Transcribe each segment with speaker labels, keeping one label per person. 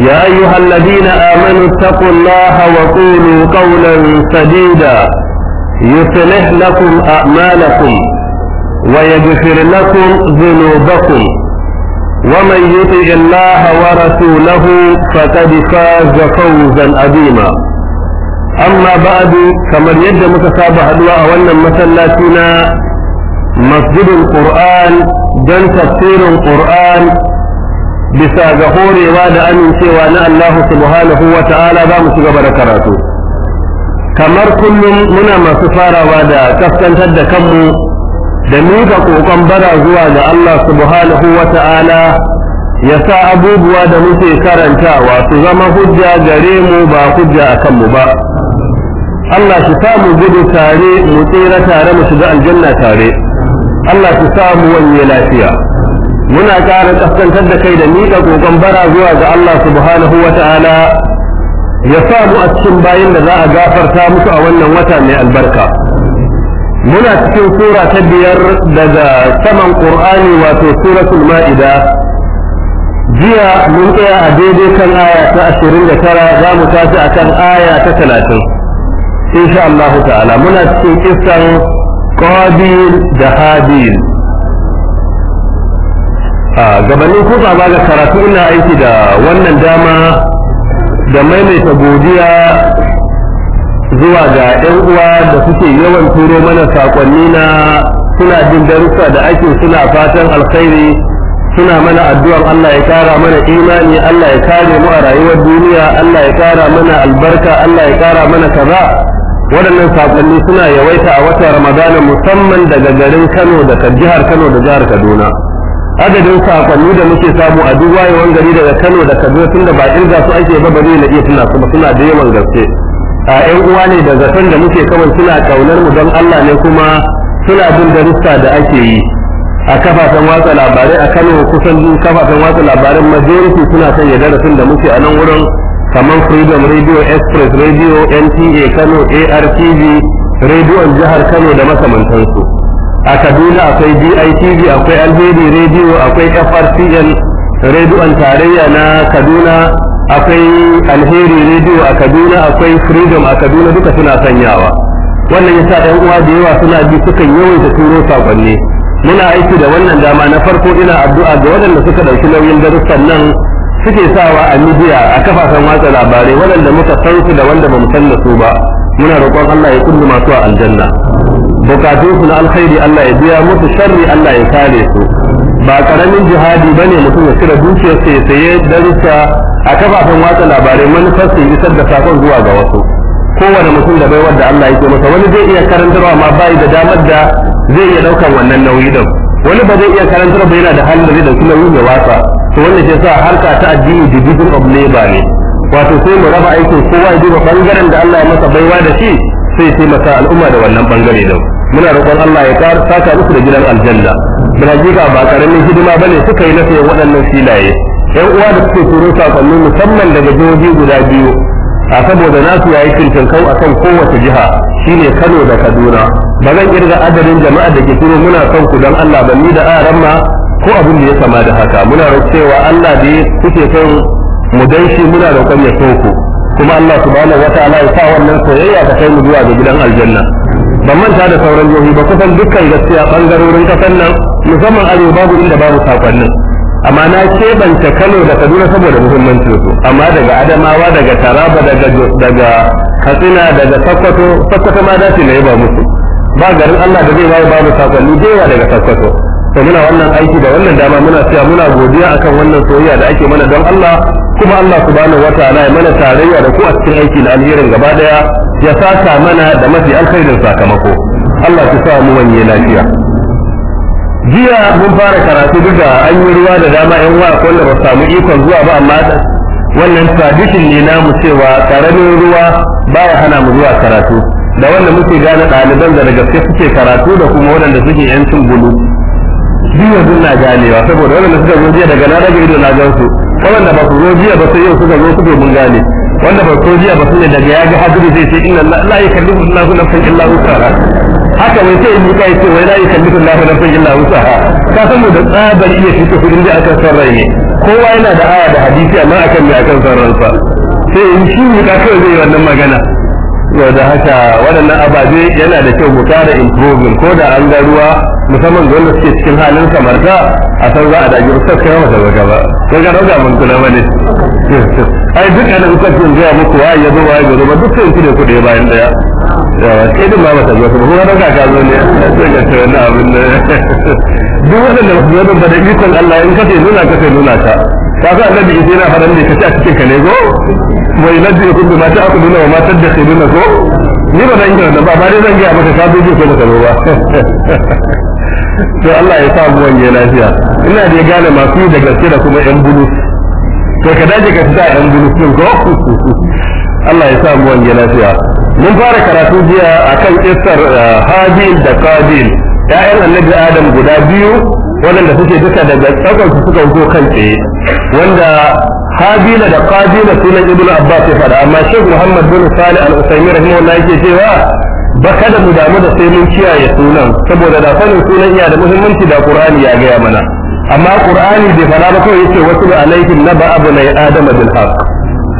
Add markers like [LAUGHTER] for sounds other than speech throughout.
Speaker 1: يا أيها الذين آمنوا اتقوا الله وقولوا قولا سديدا يصلح لكم أعمالكم ويغفر لكم ذنوبكم ومن يطع الله ورسوله فقد فاز فوزا عظيما أما بعد كما يد متصابح الدعاء وأن مسلاتنا مسجد القرآن دن تفسير القرآن bisa ga horewa da amincewa na Allah subhanahu wa ta'ala za mu ci gaba da karatu kamar kullum muna masu farawa da kaskantar da kanmu da miƙa kokon bara zuwa ga Allah subhanahu wa ta'ala ya sa abubuwa da muke karanta wasu zama hujja gare mu ba hujja a kanmu ba Allah shi samu gudu tare mu tsira tare mu shiga aljanna tare Allah shi samu wanye lafiya muna ƙara kaskantar da kai da miƙa kokon bara zuwa ga Allah subhanahu wa ta'ala ya sa mu a cikin bayan da za a gafarta musu a wannan wata mai albarka muna cikin sura ta biyar daga saman ƙur'ani wato suratul ma'ida jiya mun tsaya a daidai kan aya ta ashirin da tara za mu tashi a kan aya ta talatin insha Allah ta'ala muna cikin kisan qabil da habil gabanin kusa ba ga karatu ina aiki da wannan dama da maimaita godiya zuwa ga 'yan uwa da suke yawan turo mana sakonni na suna jin darussa da ake suna fatan alkhairi suna mana addu'ar Allah ya kara mana imani Allah ya kare mu a rayuwar duniya Allah ya kara mana albarka Allah ya kara mana kaza waɗannan sakonni suna yawaita a watan Ramadana musamman daga garin Kano da jihar Kano da jihar Kaduna adadin sakonni da muke samu a duk wayewan gari daga Kano da Kaduna tun da ba irga su ake ba ne na iya tunan su suna da yawan gaske a ƴan uwa ne da zaton da muke kawai suna kaunar mu don Allah ne kuma suna bin darussa da ake yi a kafafen watsa labarai a Kano kusan kafafen watsa labarai majority suna sanya darasin da muke a nan wurin kamar Freedom Radio Express Radio NTA Kano ARTV rediyon jihar Kano da makamantansu. a kaduna akwai ditv akwai alheri radio akwai frcn rediyon tarayya na kaduna akwai alheri radio a kaduna akwai freedom a kaduna duka suna sanyawa wannan yasa yan uwa da yawa suna bi sukan yawaita turo sakonni muna aiki da wannan dama na farko ina addu'a ga waɗanda suka ɗauki nauyin darussan nan suke sawa a midiya a kafafen watsa labarai waɗanda muka san su da wanda bamu san da su ba muna roƙon Allah ya kullu masu a aljanna bukatun na alkhairi Allah ya biya musu sharri Allah ya kare su ba karamin jihadi bane mutum ya cire dukiyar sa ya saye darussa a kafafen watsa labarai manufar isar da sakon zuwa ga wasu kowane mutum da baiwar da Allah yake masa wani zai iya karantarwa amma bai da damar da zai iya daukar wannan nauyi din wani ba zai iya karantar ba yana da halin da zai dauki nauyin wasa to wanda ke sa harka ta addini division of labor ne wato sai mu raba aikin kowa ya duba bangaren da Allah ya masa baiwa da shi sai taimaka al'umma da wannan bangare din muna roƙon Allah ya ƙara saka musu da gidan aljanna muna jika ba karamin hidima bane suka yi na waɗannan filaye yan uwa da suke turo sakonni musamman daga jihohi guda biyu a saboda nasu yayi a kan kowace jiha shine Kano da Kaduna ba zan kirga adadin jama'a da ke turo muna son ku don Allah ba ni da aran ma ko abin da ya kama da haka muna cewa Allah da kuke son mu danshi shi muna roƙon ya so ku kuma Allah subhanahu wataala ya sa wannan soyayya ta kai mu zuwa ga gidan aljanna ban manta da sauran jihohi ba kusan dukkan gaskiya bangarorin kasan nan musamman arewa babu inda babu sakonnin amma na keɓance kano da kaduna saboda muhimmancin su amma daga adamawa daga taraba daga daga katsina daga sakkwato sakkwato ma dace na ba musu ba garin allah da zai bayi babu sakonni jewa daga sakkwato to muna wannan aiki da wannan dama muna cewa muna godiya akan wannan soyayya da ake mana don allah kuma allah subhanahu wataala ya mana tarayya da ku a cikin aiki na alherin gaba daya ya saka mana da mafi alkhairin sakamako Allah ya sa mu wani lafiya jiya mun fara karatu duk anyi ruwa da dama yan wa ko ba samu ikon zuwa ba amma wannan tradition ne namu cewa karamin ruwa baya hana mu zuwa karatu da wanda muke gane ɗaliban da gaske suke karatu da kuma waɗanda suke yancin gudu biyu yanzu na ganewa saboda waɗanda suka zo jiya daga na rage ido na gansu waɗanda ba su zo jiya ba sai yau suka zo suke mun gane wanda ba ko jiya ba sai daga ya ga hadiri zai ce inna la yukallifu Allahu nafsan illa wusaha haka wai sai mu kai ce wai la yukallifu Allahu nafsan illa wusaha ka san mu da tsabar iya fito kudin da aka san rai ne kowa yana da aya da hadisi amma akan me akan san ransa sai in shi mu ka kai zai wannan magana yau da haka waɗannan ababe yana da kyau mu kara improving ko da an ga ruwa musamman ga wanda suke cikin halin samarta a san za a dage ba kai wata baka ba kai ga roga mun kula bane ai duka da ustaz tun ga muku wai ya zo wai gaba duk sai kide da da bayan daya yawa sai din ma ta zo ba roga ka zo ne sai ga ta wannan abin ne duk wanda da ya zo da ikon Allah in kace nuna kace nuna ka ka ga annabi yake yana faɗan ne kace a cikin ka ne go wai ladhi yakun ma ta'kuluna wa ma tadkhuluna ko ni ba zan yi da ba ba dai zan ga maka ka zo ji ko da ba [LAUGHS] to Allah ya sa mu wanye lafiya ina da gane masu da gaske da kuma yan bulu to ka dace ka fita yan bulu din ko Allah ya sa mu wanye lafiya mun fara karatu jiya akan istar eh, habil da qabil ya'yan annabi adam guda biyu waɗanda suke duka daga su suka zo kan tsaye wanda habila da qabila sunan ibnu abbas ya faɗa amma shaykh muhammad bin salih al-usaimi rahimahullah yake cewa ba kada mu damu da sai mun kiyaye sunan saboda da sanin sunan iya da muhimmanci da qur'ani ya gaya mana amma qur'ani bai fara ba kawai yace wasu alaihim naba abu na adam bil haq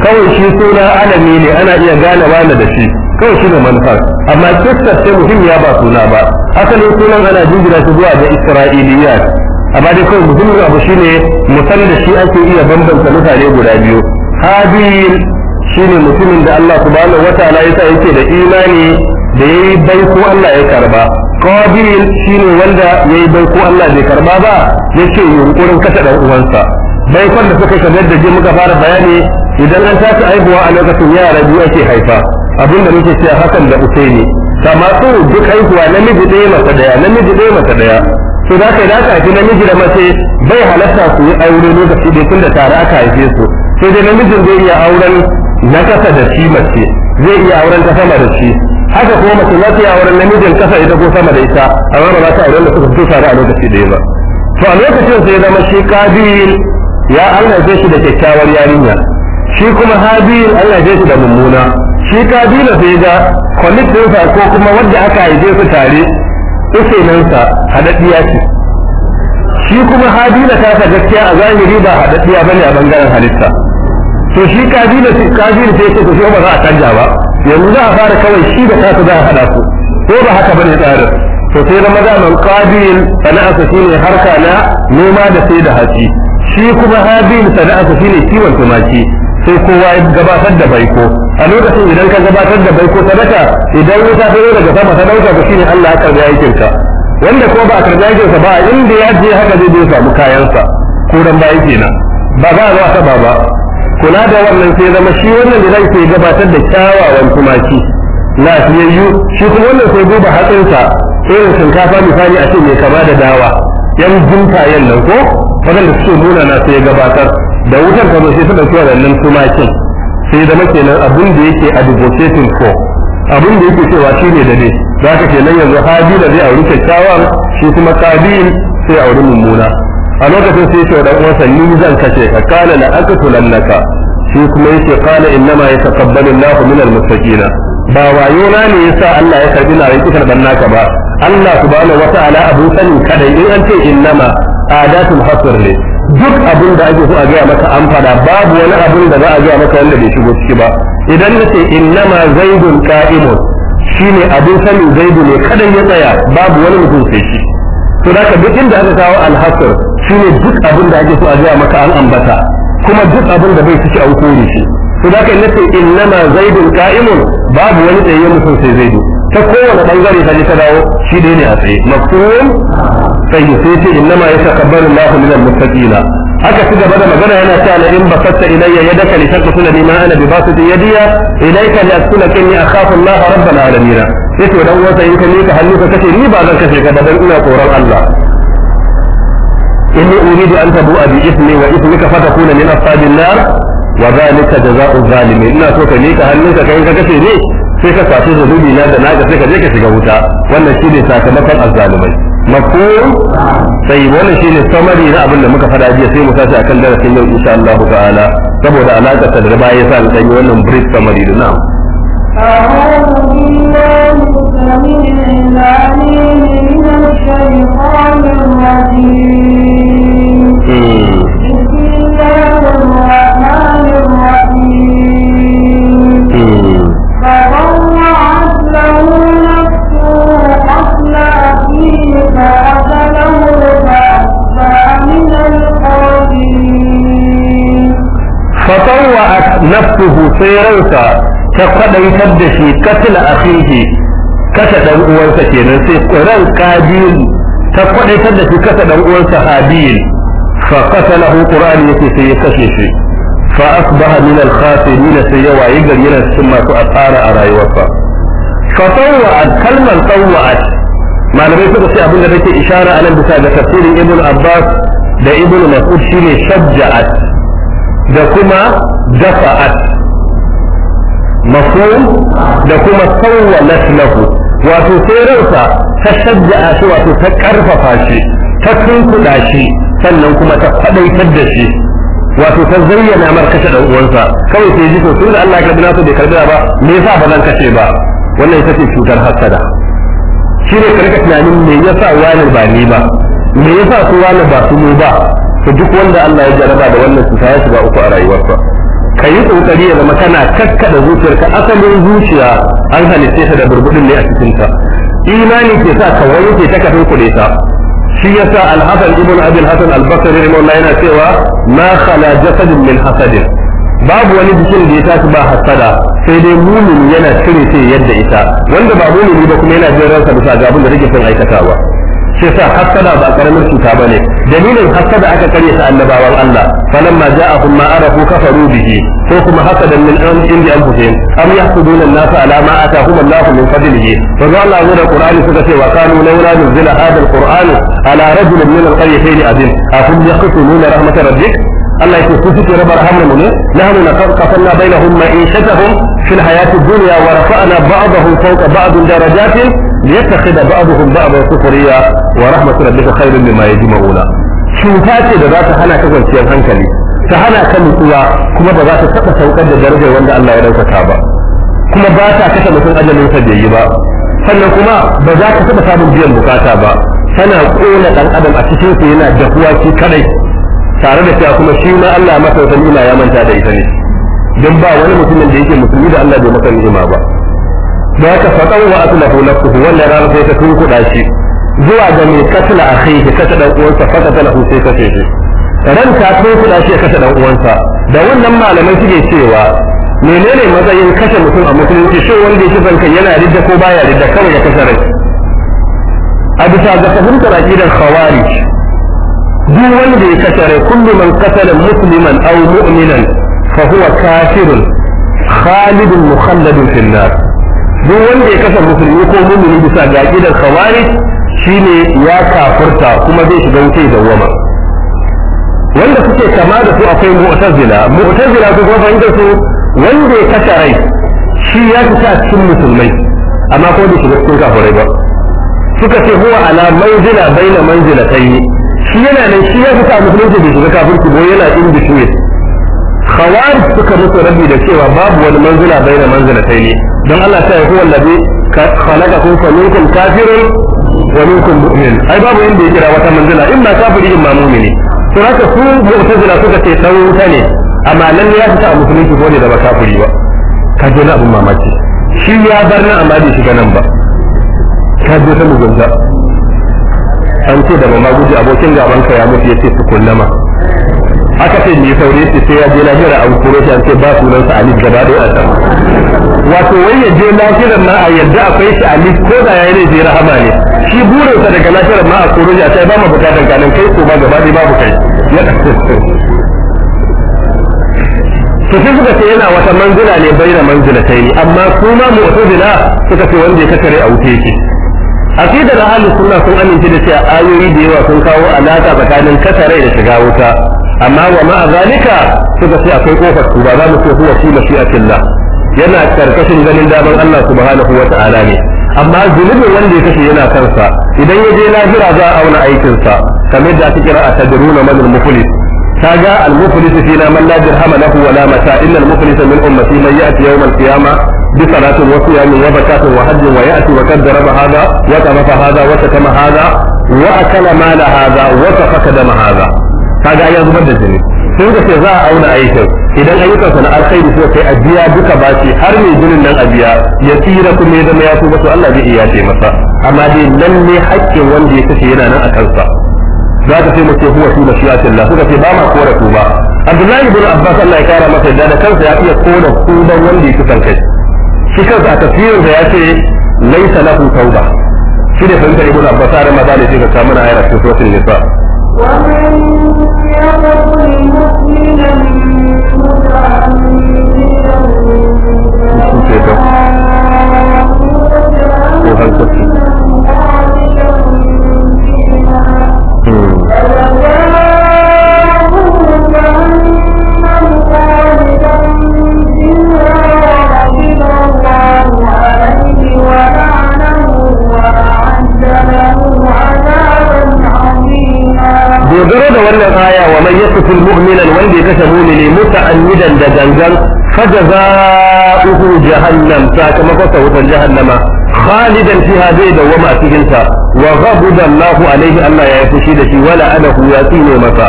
Speaker 1: kawai shi suna alami ne ana iya gane wani da shi kawai shi ne manfa amma kissar sai muhimmiya ba suna ba asalin sunan ana jingira su zuwa ga isra'iliya amma dai kawai muhimmin abu shine musan da shi ake iya bambanta mutane guda biyu habil shine mutumin da Allah subhanahu wataala yasa yake da imani da ya yi ko Allah ya karba qabil shine wanda yayi bai ko Allah bai karba ba ya yi yunkurin kashe dan uwansa bai da suka kamar da je muka fara bayani idan an tashi aibuwa a lokacin yara biyu ake haifa abinda nake cewa hakan da usaini ta masu duk haihuwa namiji ɗaya masa daya namiji ɗaya masa daya to da kai da ka haifi namiji da mace bai halatta su yi aure lokaci da tun da tare aka haife su sai dai namijin zai iya auren na kasa da shi mace zai iya auren ta sama da shi haka kuma mace za ta yi auren namijin kasa ita ko sama da ita wani ba ta wurin da suka fito tare a lokaci ɗaya ba to a lokacin sai zama shi kabil ya Allah ya shi da kyakkyawar yarinya shi kuma habil Allah ya shi da mummuna shi da sai ga kwalitinsa ko kuma wanda aka haife su tare sa haɗaɗɗiya ce shi kuma habila ta ta gaskiya a zahiri ba haɗaɗɗiya bane a bangaren halitta to shi kabila kabila sai ce ko shi ba za a canja ba yanzu za a fara kawai shi da kasa za a haɗa su ko ba haka bane tsarin to sai zama da man qabil sashi ne harka na noma da sai da haji shi kuma habil sashi ne kiwon tumaki sai kowa ya gabatar da baiko a lokacin idan ka gabatar da baiko sadaka idan wuta ta zo daga sama ta dauka ka shine Allah ya karbi aikin wanda ko ba a karbi aikin sa ba inda ya je haka zai je samu kayan sa ko dan bayi kenan ba za a zo a taba ba kula da wannan sai zama shi wannan da zai ke gabatar da kyawawan tumaki lafiyayyu shi kuma wannan sai duba hatsinsa irin shinkafa misali a ce mai kama da dawa yan jintayen nan ko da suke nuna na sai gabatar da wutar kama sai ta ɗauki wannan tumakin sai zama kenan abin da yake advocating ko abin da yake cewa shi ne da ne za ka kenan yanzu da zai auri kyakkyawan shi kuma kabil sai auri mummuna a lokacin sai ce dan uwansa ni zan kashe ka kana la aqtulannaka shi kuma yace kana innama yataqabbalu Allahu min almuttaqina ba wayo na ne yasa Allah ya karbi na yake karban naka ba Allah subhanahu ta'ala abu sanin kadai in an ce innama adatul hasr ne duk abin da ake so a gaya maka an fada babu wani abin da za a gaya maka wanda bai shigo ciki ba idan na nace innama zaidun qa'imun shine abin sanin zaidu ne ya tsaya babu wani mutum sai shi to da duk inda aka kawo al-hasr shine duk abin da ake so a gaya maka an ambata kuma duk abin da bai ciki an kore shi to zaka in nace innama zaidun qa'imun babu wani tsaye mutum sai zaidu ta kowane bangare ta je ta dawo shi dai ne a tsaye mafhum sai sai ce innama yataqabbalu Allahu minal muttaqina aka ci gaba da magana yana cewa la in basatta ilayya yadaka li taqtula bima ana bi basati yadiya ilayka li aqtulaka inni akhafu Allah rabbal alamin yace dan wata in ka ka hannu ka kace ni ba zan kace ka ba dan ina tsoron Allah inni uridu an tabu'a bi ismi wa ismika fatakuna min ashabin nar wa zalika jazaa'u zalimin ina so ka mika hannunka kai ka kace ne sai ka kwace zunubi na da naga sai ka je ka shiga wuta wannan shine sakamakon azzalimai mafhum sai wannan shine samari na abin da muka fada jiya sai mu tashi akan darasin yau insha Allah ta'ala saboda alaka ta da baya yasa an yi wannan brief samari da na'am
Speaker 2: الشيطان الرجيم بسم الله الرحمن الرحيم فضرعت له
Speaker 1: نفسه
Speaker 2: قتل أخيه فأكله فأمن القاتلين فطوعت نفسه
Speaker 1: سيرتها ta kwadaitar da shi katil a fihi kasa dan uwansa kenan sai ran qabil ta kwadaitar da shi kasa dan uwansa habil fa qatalahu qur'an yake sai ya kashe shi fa asbaha min al khasirin sai ya wayi gari yana cikin masu asara a rayuwarsa fa tawwa'at kalmar tawwa'at malamai suka ce abinda nake ishara anan bisa ga tafsirin ibn abbas da ibn mas'ud shine shajja'at da kuma dafa'at mafhum da kuma na lahu wato sai rauta ta shajja'a shi wato ta karfafa shi ta tunkuɗa shi sannan kuma ta faɗaitar da shi wato ta zayyana mar kashe ɗan'uwansa uwansa kawai sai ji to da Allah ya karbi nasu bai karbi ba me yasa ba zan kashe ba wannan ita ce cutar hasada shi ne karka tunanin me yasa wani ba ni ba me yasa su wani ba su ba to duk wanda Allah ya jaraba da wannan cuta ya shiga uku a rayuwarsa ka yi kokari ya zama kana kakkada zuciyarka asalin zuciya an halitta ta da burbudin ne a cikin ta imani ke sa ka wanke ta kafin kure ta shi yasa sa hasan ibn abin al albasari al yana cewa na khala jasadin min hasadin babu wani jikin da ya tashi ba hasada sai dai mumin yana cire ce yadda ita wanda ba mumin ba kuma yana jin ransa bisa ga abin da rage son aikatawa shi yasa hasada ba karamin cuta bane dalilin hasada aka kare ta annabawan Allah falamma ja'ahum ma arafu kafaru bihi ko kuma hasadan min an indi anfusihim am yahsuduna an-nasa ala ma atahum Allah min fadlihi fa Allah ya da Qur'ani suka ce wa kanu laula nuzila hadha al-Qur'an ala rajulin min al-qaryatayn azim afum yaqtuluna rahmat rabbik Allah yake su suke raba rahamu ne nahnu naqasanna bainahum ma'ishatahum fil hayati duniya wa rafa'na ba'dahum fawqa ba'd darajatin da ka liyattakhid ba ba'dhan sukhriya wa rahmatu rabbika khairun mimma yajma'un cuta ce da za ta hana ka kwanciyar hankali ta hana ka nutsuwa kuma ba za ta taba saukar da darajar wanda Allah ya daukaka ba kuma ba ta kashe mutum ajalin sa bai yi ba sannan kuma ba za ka taba samun biyan bukata ba tana kona ɗan adam a cikin sa yana dahuwa shi kadai tare da cewa kuma shi ma Allah masa wata ni'ima ya manta da ita ne don ba wani mutumin da yake musulmi da Allah bai masa ni'ima ba da haka fatan wa aslahu wanda ya rana sai ta kuɗa shi zuwa ga mai katla akhihi kata dan uwansa ta lahu sai ce shi ran ta kuɗa shi kata dan uwansa da wannan malamai suke cewa menene matsayin kashe mutum a musulunci shi wanda yake zanka yana ridda ko baya ridda kawai ya kashe rai a bisa ga fahimtar aqidar khawarij duk wanda ya kashe rai kullu man qatala musliman aw mu'minan fa huwa kafirun khalidun mukhalladun fil nar duk wanda ya kafa musulmi ko mumini bisa ga aqidar khawarij shine ya kafurta kuma zai shiga wuce da wama wanda suke kama da su akwai mu'tazila mu'tazila ko kuma fahimta su wanda ya kashe rai shi ya sa cikin musulmai amma ko bai shiga cikin kafirai ba suka ce huwa ala manzila baina manzilatayn shi yana nan shi ya fita musulunci bai shiga kafirci ko yana in between khawarij suka musu rabi da cewa babu wani manzila da manzila sai ne don Allah ta yi huwa allazi khalaqakum fa minkum kafirun wa minkum mu'min ai babu inda ya kira wata manzila in ma kafiri in ma mu'mini to haka su mu'tazila suka ce dan ta ne amma nan ya fita a musulunci ko ne da ba kafiri ba ka je na abun mamaki shi ya bar nan amma bai shiga nan ba ka je ta mugunta an ce da mamaguji abokin gaban ka ya mutu ya ce su kullama aka ce mai saurayi ce sai ya je lafiyar a kuro shi an ce ba sunan sa alif gaba da wata wato wai ya je lafiyar ma a yadda akwai shi alif ko da yayi ne zai rahama ne shi burinsa daga lafiyar ma a kuro shi a sai ba mu bukatar kanin kai ko ba gaba ɗaya babu kai su sai suka ce yana wata manzila ne bai da manzila ta yi amma kuma mu'tazila suka ce wanda ya kakare a wuce shi aqidar ahlus sunna sun amince da cewa ayoyi da yawa sun kawo alaka tsakanin kasarai da shiga wuta amma wa ma'a zalika suka ce akwai kofar ba za mu ce huwa shi mashi'atillah yana karkashin ganin daman Allah subhanahu wa ta'ala ne amma zunubin wanda ya kashe yana kansa idan ya je lahira za a auna aikinsa kamar da ake kira a tadruna man al-muflis kaga al-muflis fina man la dirhama lahu wa la mata illa al-muflis min ummati man ya'ti yawm al-qiyamah bi salatin wa siyamin wa zakatin wa hajjin wa ya'ti wa qad daraba hadha wa tamafa hadha wa shakama hadha wa akala mala hadha wa tafaka dama hadha kaga ya zubar da jini sai ka ce za a auna aikin idan ayyukan sa na alkhairi ko sai a biya duka bashi har mai jinin nan a biya ya tsira kuma ya zama ya tuba to Allah zai iya ce masa amma dai nan ne haƙƙin wanda ya kashe yana nan a kansa za ka ce mace huwa shi mashiyatillah suka ce ba ma kora tuba Abdullahi ibn Abbas Allah ya kara masa da kansa ya iya kora tuban wanda ya kisan kai shi kansa a tafsirin da ya ce laisa lahu tauba shi da fahimtar ibn Abbas har ma zalika ka mana ayar cikin suratul nisa
Speaker 2: ومن يقتل مؤمنا متعمدا فهل تسلم
Speaker 1: wanda ya kashe mumini muta'annidan da gangan fajaza'uhu jahannam sakamakon sa wutar jahannama khalidan fiha zai dawwama a cikin sa wa ghadiba Allahu alaihi Allah ya fushi da shi wala anahu ya tsine masa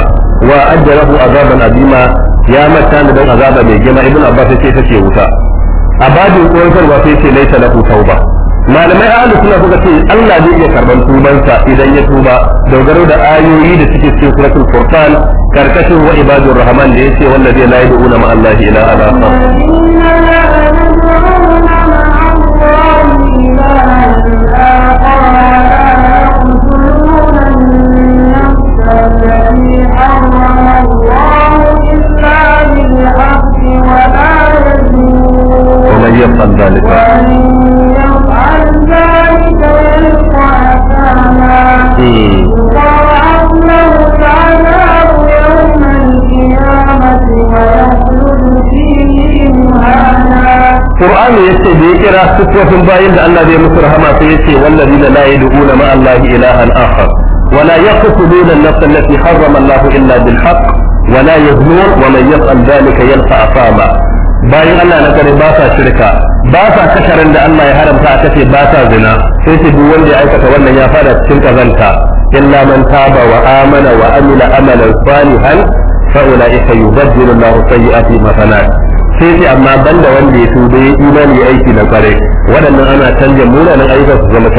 Speaker 1: wa ajrahu azaban azima ya mata da dan azaba mai girma ibn abbas sai ta ce wuta abadin koyarwa sai ce laita lahu tauba malamai Ali suna suka ce Allah zai iya karban tubansa idan ya tuba dogaro da ayoyi da suke cikin suratul furqan karkashin wa ibadur rahman da yace wallazi la yad'una ma Allah ila ala ومن يفعل ذلك ya ce da ya kira sifofin bayan da Allah zai musu rahama sai yace wallazina la yad'una ma Allah ilahan akhar wa la yaqtuluna an-nafs allati harrama Allah illa bil haqq wa la yaznun wa man yaf'al dhalika yalqa asaba bayin Allah na kare ba sa shirka ba sa kasharin da Allah ya haramta a kace ba sa zina sai ce duk wanda ya aikata wannan ya fara cikin kazanta illa man taba wa amana wa amina amila amalan salihan fa ulaika yubaddilu Allahu sayyi'ati hasanat sai sai amma banda wanda ya tuba ya imani ya aiki na kwarai waɗannan ana canja munanan ayyukan su zama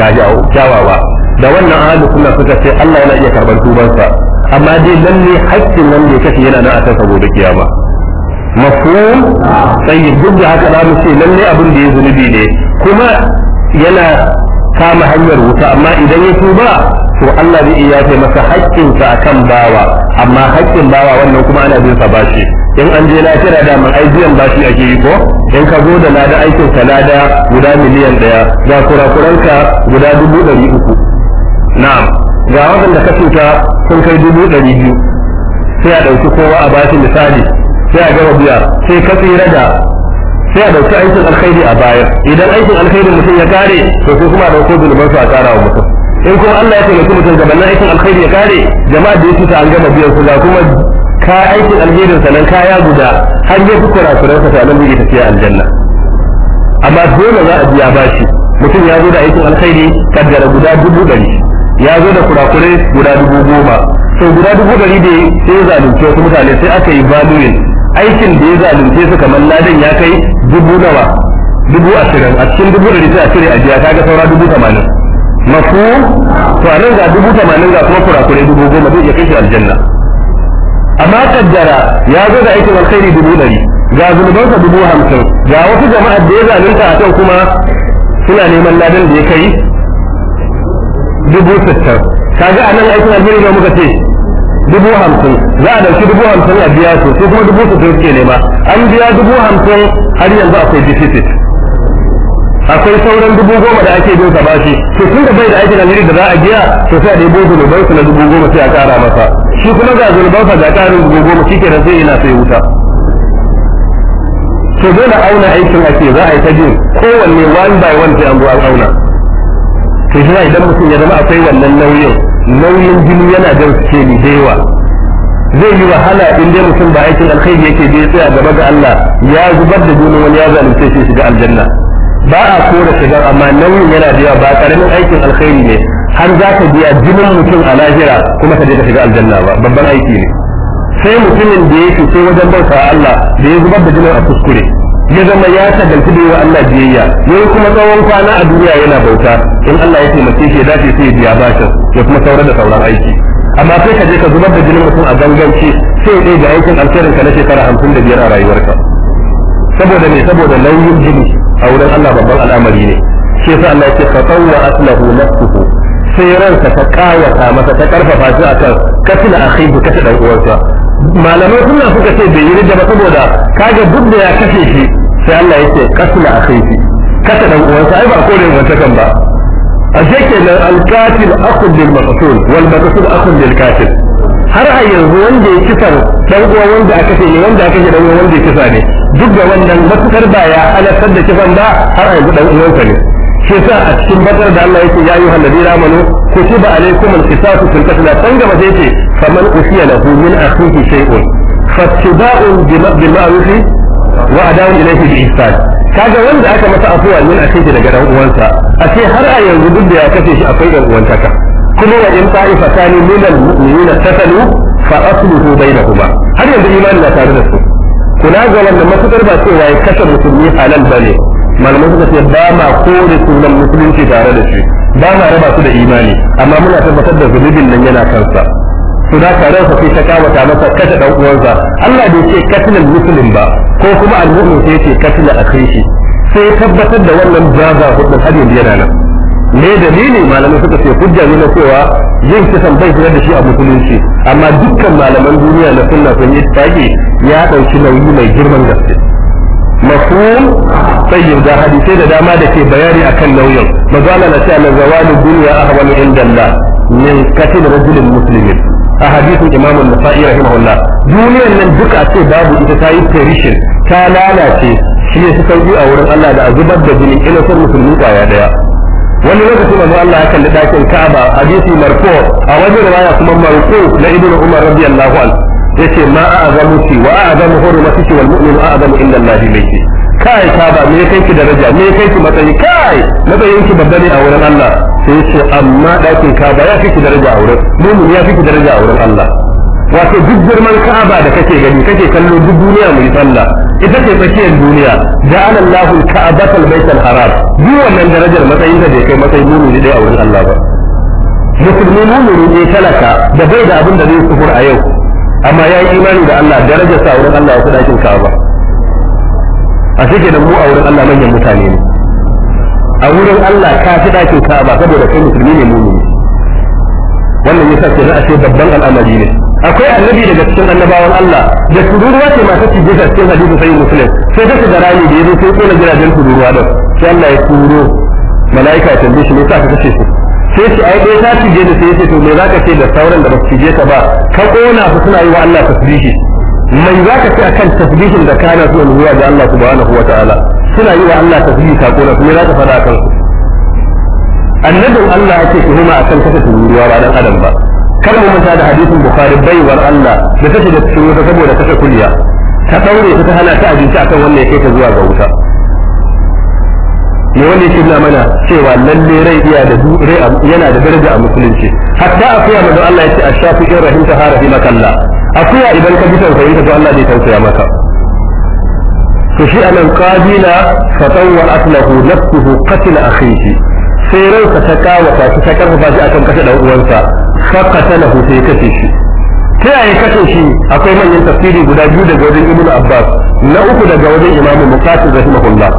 Speaker 1: kyawawa da wannan ahalin suna suka ce Allah yana iya karɓar tubansa amma dai lalle haƙƙin nan da ya kashe yana nan a kan saboda kiyama mafhum sai duk da haka za mu ce lalle abin da ya zunubi ne kuma yana kama hanyar wuta amma idan ya tuba to Allah zai iya yafe masa sa akan bawa amma haƙƙin bawa wannan kuma ana bin sa bashi in an je lafiya da mun ai biyan bashi ake yi ko in ka zo da lada aikin ka lada guda miliyan daya ga kurakuranka guda dubu ɗari uku na'am ga waɗanda ka cuta sun kai dubu ɗari biyu sai a ɗauki kowa a bashi misali sai a gama biya sai ka tsira da sai a dauki aikin alkhairi a bayar idan aikin alkhairi mutum ya kare to sai kuma a dauko zunuban su a kara wa mutum in kuma Allah ya taimaki mutum gabanin aikin alkhairi ya kare jama'a da ya fita an gama biyan su ga kuma ka aikin alkhairin sa nan kaya guda har ya fi kurakuran sa nan bai tafiya aljanna amma dole za a biya bashi mutum ya zo da aikin alkhairi kaddara guda dubu ɗari ya zo da kurakure guda dubu goma sau guda dubu ɗari da sai zalunce wasu mutane sai aka yi valuing aikin da ya zalunce su kamar ladan ya kai dubu nawa dubu ashirin a cikin dubu ɗari sai a cire ajiya ta ga saura dubu tamanin mafu to a nan ga dubu tamanin ga kuma kurakurai dubu goma zai iya kai shi aljanna amma kaddara ya zo da aikin alkhairi dubu ɗari ga zunubansa dubu hamsin ga wasu jama'a da ya zalunta a kan kuma suna neman ladan da ya kai dubu sittin kaga a nan aikin alkhairi ne muka ce dubu hamsin za a dauki dubu hamsin a biya su sai kuma dubu sittin suke nema an biya dubu hamsin har yanzu akwai deficit akwai sauran dubu goma da ake bin sa bashi to tun da bai da aikin alheri da za a biya to sai a ɗebo zunuban su na dubu goma sai a ƙara masa shi kuma ga zunuban ga ƙarin dubu goma shi kenan sai yana sai wuta to dole auna aikin ake za a yi ta jin kowanne one by one sai an zo an auna to shi idan mutum ya zama akwai wannan nauyin nauyin jini yana suke ni da yawa zai yi wahala in dai mutum ba aikin alkhairi yake da ya tsaya gaba ga Allah ya zubar da jinin wani ya zalunce shi shiga aljanna ba a kora shiga amma nauyin yana da yawa ba karamin aikin alkhairi ne har za ka biya jinin mutum a lahira kuma ka je ka shiga aljanna ba babban aiki ne sai mutumin da ya fice wajen bauta Allah da ya zubar da jinin a kuskure ya zama ya tagalci da yawa Allah biyayya yayi kuma tsawon kwana a duniya yana bauta in Allah ya taimake shi ya dace sai ya biya bashin ya kuma saurar da sauran aiki amma sai ka je ka zubar da jinin mutum a ganganci sai dai ga aikin alkhairin ka na shekara hamsin da biyar a rayuwarka saboda me saboda nauyin jini a wurin Allah babban al'amari ne shi sa Allah ya ce fa tawwa aslahu nafsuhu sai ransa ta kawata masa ta karfafa shi akan katila akhihi kata dan uwansa malamai suna suka ce bai yi ba saboda kaga duk da ya kashe shi sai Allah ya ce katila akhihi kasa dan uwansa ai ba kore wancan kan ba أشكل kenan أخذ akun bil أخذ wal har a yanzu wanda ya kisar dan uwa wanda aka ce ne wanda aka ce dan wanda ya kisa ne duk da wannan matukar ba ya alasar da kisan ba har a yanzu dan uwansa ne shi yasa a cikin bakar da Allah yake ya ce ladina amanu kutiba alaykumul qisasu fil qatl dan gaba sai yake faman usiya lahu min akhihi shay'un fattiba'un bil ma'ruf wa adawun ilayhi bi ihsan kaga wanda aka masa afuwa yin a kai daga dan uwansa a ce har a yanzu duk da ya kashe shi akwai dan uwanta ka kuma wa in ta'ifa tani al mu'minin tasalu fa da bainahuma har yanzu imani na tare da su kula ga wannan matukar ba cewa ya kashe musulmi halal bane malamai suka ce ba ma kore sunan musulunci tare da shi ba ma raba su da imani amma muna tabbatar da zunubin nan yana kansa to da sai ta kawata masa kashe dan uwansa Allah bai ce katilal muslim ba ko kuma al-mu'min sai ce katila akai shi sai tabbatar da wannan jaza hudun har yana nan me dalili malamai suka ce hujja ne na cewa yin kisan bai da shi a musulunci amma dukkan malaman duniya na sunna sun yi tsaki ya dauki nauyi mai girman gaske mafhum tayyib da hadisai da dama da ke bayani akan nauyin magana na cewa zawalu dunya ahwanu inda Allah min katil rajulin muslimin a hadisin Imam An-Nasa'i rahimahullah duniyar nan duka ce babu ita ta yi perishin ta lalace shi ne suka yi a wurin Allah da a da jini ina sun musulmi kwaya daya wani lokacin manzo Allah ya kalli dakin Ka'aba hadisi marfu a wajen riwaya kuma marfu na ibnu Umar radiyallahu anhu yace ma a'azamu wa a'azamu hurmatihi wal mu'minu azamu illa Allah bihi kai ba me kai ki daraja me kai ki matsayi kai matsayin ki babba ne a wurin Allah sai ce amma dakin ba ya fi daraja a wurin mumin ya fi daraja a wurin Allah wato duk girman ka'aba da kake gani kake kallo duk duniya mai sallah ita ce tsakiyar duniya ja'ala Allahu al-ka'abata al-baytal haram duk wannan darajar matsayin da bai kai matsayin ne dai a wurin Allah ba musulmi mumini ne talaka da bai da abin da zai sufur a yau amma ya yi imani da Allah darajar sa wurin Allah ya fi dakin ka'aba a shi kenan mu a wurin Allah manyan mutane ne a wurin Allah ka fi dakin ka ba saboda kai musulmi ne mu wannan yasa ke za a ce babban al'amari ne akwai annabi daga cikin annabawan Allah da tururuwa ce masu ci bisa cikin hadisin sayyid musulmi sai ta da rami da yazo sai kona jiragen tururuwa da sai Allah ya turo malaika ta tambaye shi me yasa ka kace su sai shi ai dai ta cije da sai ya ce to me zaka ce da sauran da ba su cije ka ba ka kona su suna yi wa Allah tasbihi mai za ka ce kan tasbihin da kana su zuwa ga Allah subhanahu wataala suna yi wa Allah tasbihi sako na ne za ka faɗa kan su annabin Allah ya ce ki huma akan kasa tururuwa ba dan adam ba kada mu manta da hadisin bukhari baiwar Allah da ta da cikin wuta saboda kasa kulliya ta daure ta hana ta abinci akan wanda ya kai ta zuwa ga wuta ne wanda yake nuna mana cewa lalle rai iya da rai yana da daraja a musulunci hatta akwai manzo Allah ya ce ashafi rahim ta harafi makalla akuya idan ka ji tausayin ta to Allah zai tausaya maka to shi anan qabila tawwa aslahu nafsuhu qatl akhihi sai ransa ta kawo ta ta karfafa shi akan kashe da uwansa fa qatalahu sai kashe shi ta yaya kashe shi akwai manyan tafsiri guda biyu daga wajen ibnu abbas na uku daga wajen imamu muqatil rahimahullah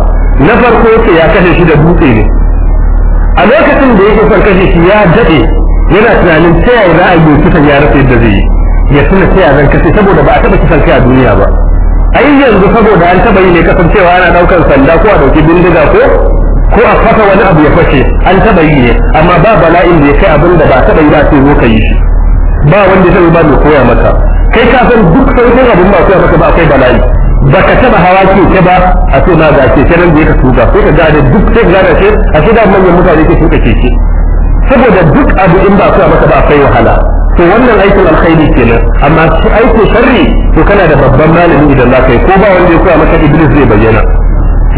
Speaker 1: na farko yace ya kashe shi da dutse ne a lokacin da yake son kashe shi ya dade yana tunanin ta yaya za a yi kisan ya rasa yadda zai yi ya tuna sai zan kace saboda ba a taba kisan kai a duniya ba ai yanzu saboda an taba yi ne kasancewa ana daukan sanda ko a dauki bindiga ko ko a fasa wani abu ya fashe an taba yi ne amma ba bala'in da ya kai abin da ba taba yi ba sai zo ka yi shi ba wanda zai ba mai koya maka kai ka san duk sauƙin abin ba koya maka ba akwai bala'i ba ka taba hawa keke ba a ce na ga keke nan da ya ka tuka ko ka gane duk sai gane ce a shi da manyan mutane ke tuka keke saboda duk abu in ba koya maka ba akwai wahala to wannan aikin alkhairi kenan amma su aiko sharri to kana da babban malami idan za ka yi ko ba wanda ya koya maka iblis zai bayyana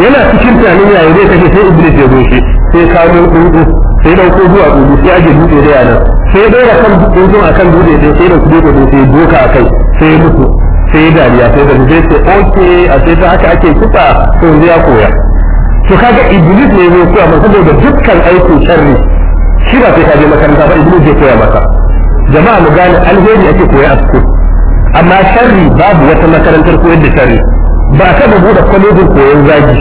Speaker 1: yana cikin tunanin yayi zai kashe sai iblis ya zo shi sai kawo dudu sai dauko zuwa dudu sai aje dutse da yana sai dora kan dutsen akan dutse sai sai da kuje da sai doka kai, sai mutu sai dariya sai da sai sai oke a sai ta haka ake kusa to ya koya to kaga iblis ne zai koya masa saboda dukkan aikin sharri shi ba sai ka je makaranta ba iblis zai koya maka jama'a mu gane alheri ake koya a cikin amma sharri babu wata makarantar koyar da sharri ba a taɓa buɗe kwalejin koyon zagi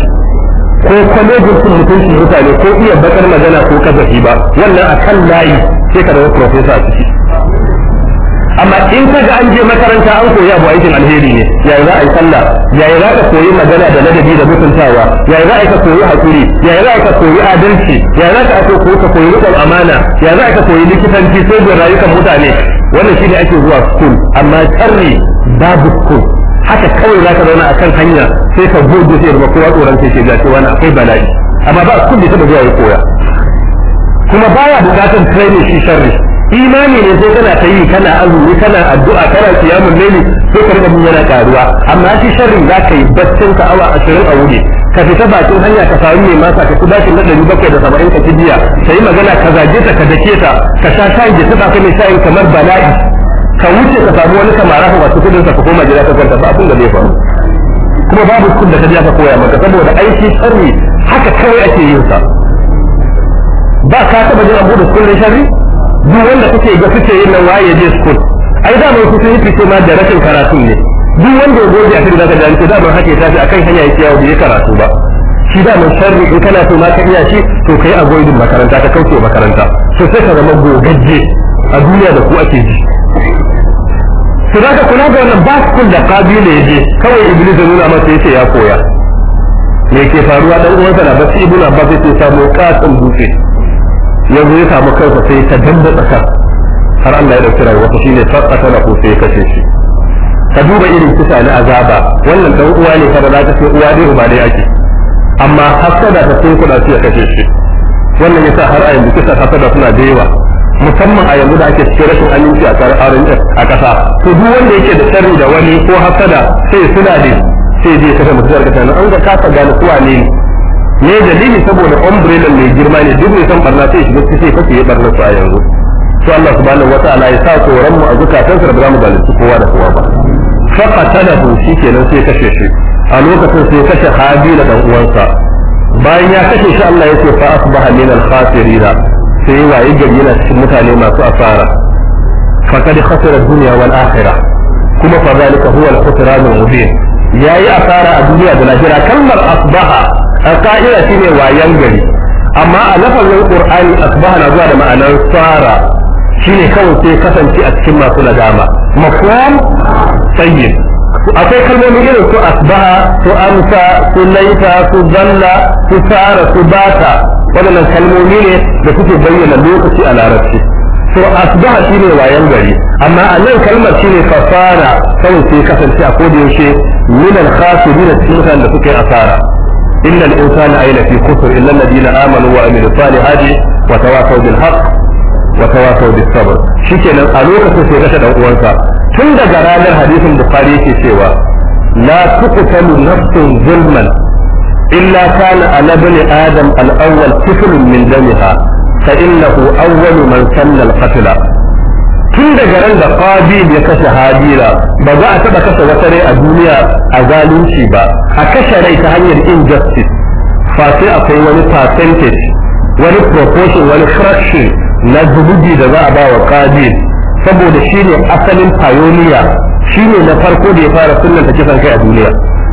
Speaker 1: ko kwalejin sun mutunci mutane ko iya bakar magana ko kazafi ba wannan a kan layi sai ka zama profesa a ciki amma in ka ga an je makaranta an koyi abu aikin alheri ne yayi za a yi sallah yayi za ka koyi magana da ladabi da mutuntawa yayi za ka koyi hakuri yayi za ka koyi adalci yayi za ka koyi ka koyi rikon amana yayi za ka koyi likitanci sai da rayukan mutane wannan shine ake zuwa school amma tsarri babu school haka kawai za ka zauna a kan hanya sai ka goge sai ba kowa tsoron sai ga cewa na akwai bala'i amma ba a da ta zuwa ya koya kuma baya bukatar training shi sharri imani ne sai kana ta yi kana azumi kana addu'a kana siyamun laili sai ka rika yana karuwa amma shi sharri za ka yi baccin ka awa ashirin a wuri ka fita bakin hanya ka samu mai masa ka ci bashin na ɗari bakwai da saba'in ka kibiya ka yi magana ka zage ta ka dake ta ka sha shayin ji ta baka mai shayin kamar bala'i ka wuce ka samu wani kamara ka wasu kudin ka koma gida ka kwanta ba abin da zai faru kuma babu kun da ka je ka koya maka saboda aiki sharri haka kawai ake yin sa ba ka taba jin abu da kullun sharri duk wanda kuke ga suke yin nan waye je school ai da mun kusa yi ma da rashin karatu ne duk wanda ya goge a cikin zaka da da ban hake ta akan hanya yake yawo da karatu ba shi da mun sharri in kana so ma ka iya shi to kai a din makaranta ka kauce makaranta so sai ka zama gogajje a duniya da ku ake ji Sai za ka kula da wannan baskul da kabila ya je kawai iblis ya nuna masa yace ya koya me ke faruwa dan uwansa na bacci ibnu abbas ya samu katsin dutse yanzu ya samu kansa sai ta danda tsaka har Allah ya dauki rayuwarsa shine sarƙata na ko sai ya kashe shi ka duba irin kusa na azaba wannan dan uwa ne kada za ta ce uwa dai uba dai ake amma hasada ta sai kuɗa su ya kace shi wannan yasa har a yanzu kisa hasada suna da yawa musamman a yanzu da ake cikin rashin aminci a ƙasa to duk wanda yake da sharri da wani ko hasada sai suna da sai je kasa mutum da an ga kasa gane kuwa ne ne dalili saboda umbrella mai girma ne duk mai san barna sai shiga sai fa sai barna su a yanzu to Allah subhanahu wataala ya sa tsoron mu a zukatan sa ba mu su kowa da kowa ba fa qatalahu shikenan sai kashe shi a lokacin sai kashe habila dan uwansa bayan ya kashe shi Allah ya ce fa asbaha min al-khasirin sai waye gari cikin mutane masu asara fa kad khasara dunya wal akhirah kuma fa zalika huwa al-khusran al-mubin yayi asara a duniya da lahira kalmar asbaha a ka'ida shine wayan gari amma a lafazin qur'ani asbaha na zuwa da ma'anar fara shine kawai sai kasance a cikin masu nadama mafhum sayyid. akwai kalmomi irin su asbaha su amsa su laita su zalla su fara su bata waɗannan kalmomi ne da suke bayyana lokaci a larabci to asbaha shine wayan gari amma a nan kalmar shine fasara kawai sai kasance a koda yaushe min da cikin mutanen da suka yi asara innal insana ayla fi kusur illa alladhina amanu wa amilu salihati wa tawasaw bil haqq wa tawasaw bis sabr shikenan a lokacin sai ka dan uwanka tun daga ranar hadisin bukhari yake cewa la tuqtalu nafsun zulman illa kana ala bani adam al-awwal kiflun min damiha fa innahu awwalu man sanna tun daga ran da qabil ya kashe habila ba za a taba kashe wata rai a duniya a zalunci ba a kashe rai ta hanyar injustice fa sai akwai wani percentage wani proportion wani fraction na zubuji da za a ba wa qabil saboda shine asalin pioneer shine na farko da ya fara sunnanta kisan kai a duniya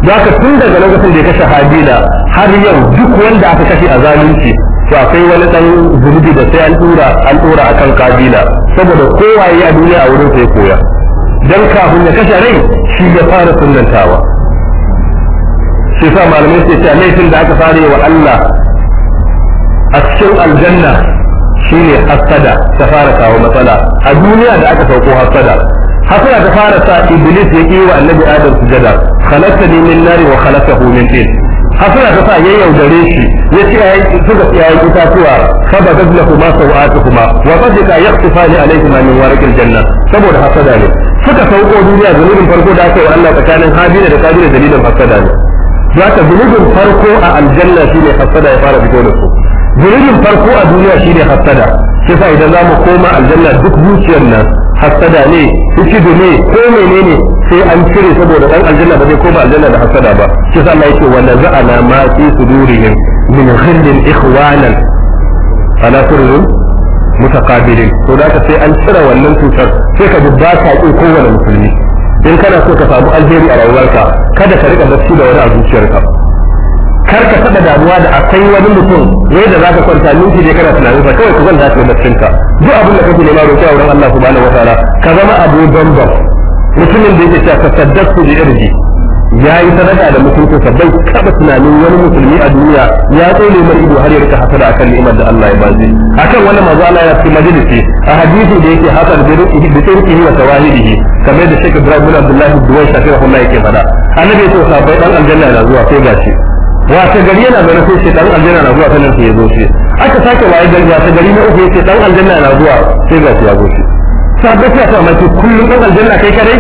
Speaker 1: za ka tun daga lokacin da ya kashe habila har yau duk wanda aka kashe a zalunci to akwai wani dan zunubi da sai an dura an dura akan kabila saboda kowaye a duniya a wurin sai koya dan kafin ya kashe rai shi ya fara sunnantawa shi sa malamai sai ce laifin da aka fara wa Allah a cikin aljanna shine hasada ta fara kawo matsala a duniya da aka sauko hasada hasada ta fara sa iblis ya yi wa annabi adam sujada khalaqtani min nari wa khalaqtahu min tin hasana ta sa ya yaudare shi ya ce ayi suka ci ayi itatuwa fa ba gazla kuma sau'atu kuma wa qadika a laifin min warqil janna saboda hasada ne suka sauko duniya zunubin farko da aka yi Allah tsakanin Habila da Kabila dalilin hasada ne Za zaka zunubin farko a aljanna shine hasada ya fara fito da su zunubin farko a duniya shine hasada shi sa idan zamu koma aljanna duk zuciyar nan hasada ne ikidu ne ko menene sai an cire saboda dan aljanna ba zai koma aljanna da hasada ba shi yasa Allah yake wala za'ana ma fi sudurihim min ghillin ikhwanan ala sururun mutaqabilin to da sai an cire wannan cutar sai ka dubba ka ko kowane musulmi in kana so ka samu alheri a rayuwarka kada ka rika bacci da wani a zuciyarka kar ka taba damuwa da akwai wani mutum wai da zaka kwanta minti ne kana tunanin sa kawai ka zanta cikin baccinka duk abin da kake nema roƙi a wurin Allah subhanahu wataala ka zama abu bambam mutumin da yake cewa tasaddaqtu bi irji yayi sadaka da mutunci sabbai kada tunanin wani musulmi a duniya ya tsole mai ido har ya rika hasada akan ni'imar da Allah ya ba shi akan wannan manzo Allah ya fi majalisi a hadisi da yake hasad da ruhi da turki wa tawahidihi kamar da Sheikh Ibrahim bin Abdullah Duwai Shakir Allah yake fada annabi to sabai dan aljanna yana zuwa sai gashi ta gari yana zaune sai dan aljanna na zuwa nan sai ya zo shi aka sake waye gari ta gari na uku sai dan aljanna na zuwa sai gashi ya zo shi sabon ta kullum ɗan aljanna kai kadai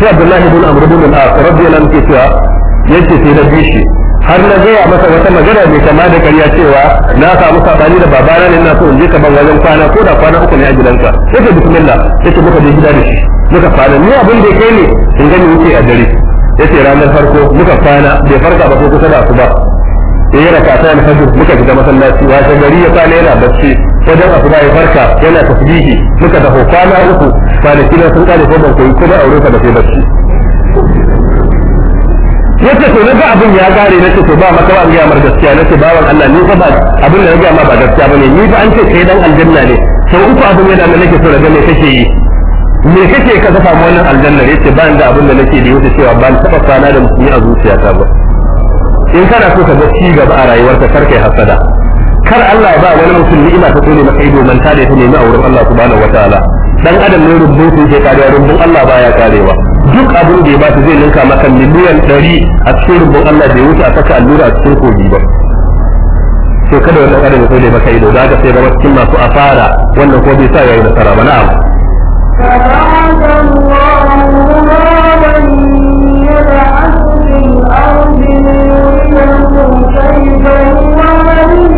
Speaker 1: sai abdullahi ibn amr ibn al-as cewa yace sai na bi har na gaya masa wata magana mai kama da karya cewa na samu sabani da babana ne na so in je ka ban wajen kwana ko da kwana uku ne a gidanka yace bismillah yace muka je gida da shi muka kwana ni abin da ya kai ne in gani wuce a dare yace ranar farko muka kwana bai farka ba ko kusa da su ba ya yi rakata na muka fita masallaci washe gari ya kwana yana bacci wajen abu ya farka yana tasbihi muka tafi kwana uku kwanaki na sun kare ban koyi ko ba ka da sai bacci yace to ga abin ya gare to ba maka ba ga mar gaskiya bawan Allah ni fa ba abin da ga ma ba gaskiya bane ni fa an ce dan aljanna ne sai uku abin da nake so me kake yi me kake ka ka samu wannan aljanna ne yace ba inda abin da nake da yace cewa ban taba kwana da musulmi a zuciyata ba in kana so ka ga ci gaba a rayuwarka kar kai hasada kar Allah ba wani mutum ni'ima ta tsone maka ido manta da ta nemi a wurin Allah subhanahu wataala dan adam ne rubutun sun ke kariya rubutun Allah baya karewa duk abin da ya bata zai ninka maka miliyan ɗari a cikin rubun Allah bai wuce a saka allura a cikin kogi ba to kada wani adam ya tsone maka ido ka sai zama cikin masu asara wannan ko bai sa yayi nasara ba na'am يبعث في
Speaker 2: الأرض من كيف هو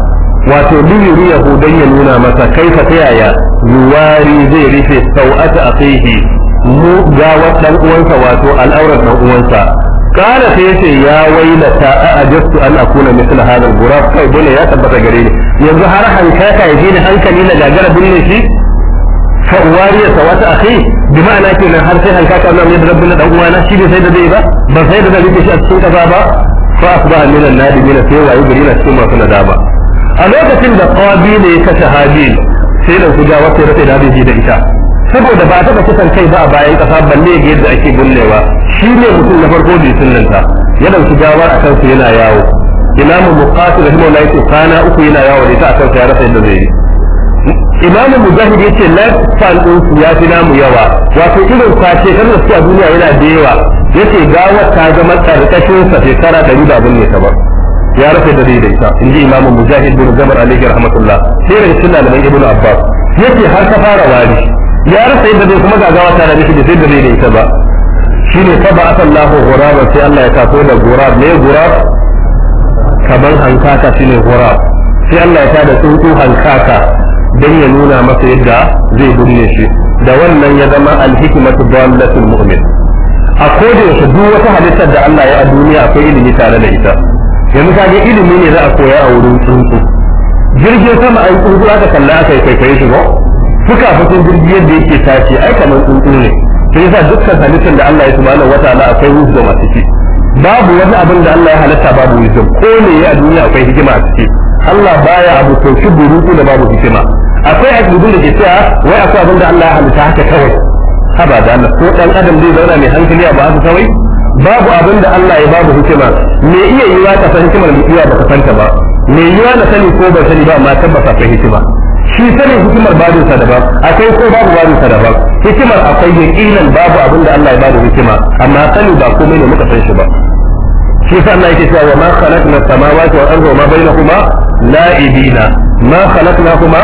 Speaker 1: wato liyuri yahudan ya nuna masa kaifa ta yaya yuwari zai rufe sau'ata akhihi mu gawar dan uwansa wato al'aurar dan uwansa kana sai yace ya wailata a ajastu an akuna mithla hadha al-ghurab kai dole ya tabbata gare ni yanzu har hankaka ya ni hankali na gagara binne shi fa uwariya sawata akhi bi ma'ana kenan har sai hankaka na ya rabbi na dan uwana shi ne sai da zai ba ba sai da zai shi a cikin kaza ba fa asbaha min an-nadimin sai wayi gari na cikin masu nadama a lokacin da ne ya kashe habil sai da kuja sai rufe da bai da ita saboda ba a taɓa kusan kai ba a bayan ƙasa balle ga yadda ake bullewa shi ne mutum na farko da sunnanta ya su gawar a kansu yana yawo imamu muqatil rahimahullah yace kana uku yana yawo da ita a kansu ya rasa yadda zai yi imamu mujahid yace lafan din su ya fi namu yawa wato irin kwace kan da suke a duniya yana da yawa yace gawar ta zama karkashin sa shekara 100 da abin ne ta ba ya rasa da daidaita in ji imamu mujahid bin jabar alaihi rahmatullah sai daga da malaman ibnu abbas yace har ka fara wari ya rasa da zai kuma gagawa ta da shi da sai da daidaita ba shine fa ba Allahu ghuraba sai Allah ya tafi da ghurab ne ghurab kaman hankaka shine ghurab sai Allah ya tada tsuntsu hankaka dan ya nuna masa yadda zai burne shi da wannan ya zama alhikmatu dallatul mu'min a koda yaushe duk wata halittar da Allah ya a duniya akwai ilimi tare da ita yanzu ka ga ilimi ne za a koya a wurin tsuntsu jirgin sama ai tsuntsu aka kalla aka kwaikwaye shi ba fuka fukin jirgi yadda yake tashi ai kamar tsuntsu ne sai yasa dukkan halittar da Allah ya subhanahu wataala akwai da a ciki babu wani abin da Allah ya halatta babu wisdom ko ne a duniya akwai hikima a ciki Allah baya abu to shi buruku da babu hikima akwai akidun da ke cewa wai akwai abin da Allah ya halitta haka kawai haba da Allah ko dan adam zai zauna mai hankali a ba haka kawai babu abin da Allah ya babu hikima me iya yi ka san hikimar mu iya baka santa ba me yiwa na sani ko ba sani ba amma tabbata san hikima shi sanin hikimar babu sa ba akai ko babu babu sa ba hikimar akwai yaqinan babu abin da Allah ya babu hikima amma sani ba komai ne muka san shi ba shi yasa Allah yake cewa ma khalaqna samawati wal arda wa ma bainahuma la'ibina ma khalaqnahuma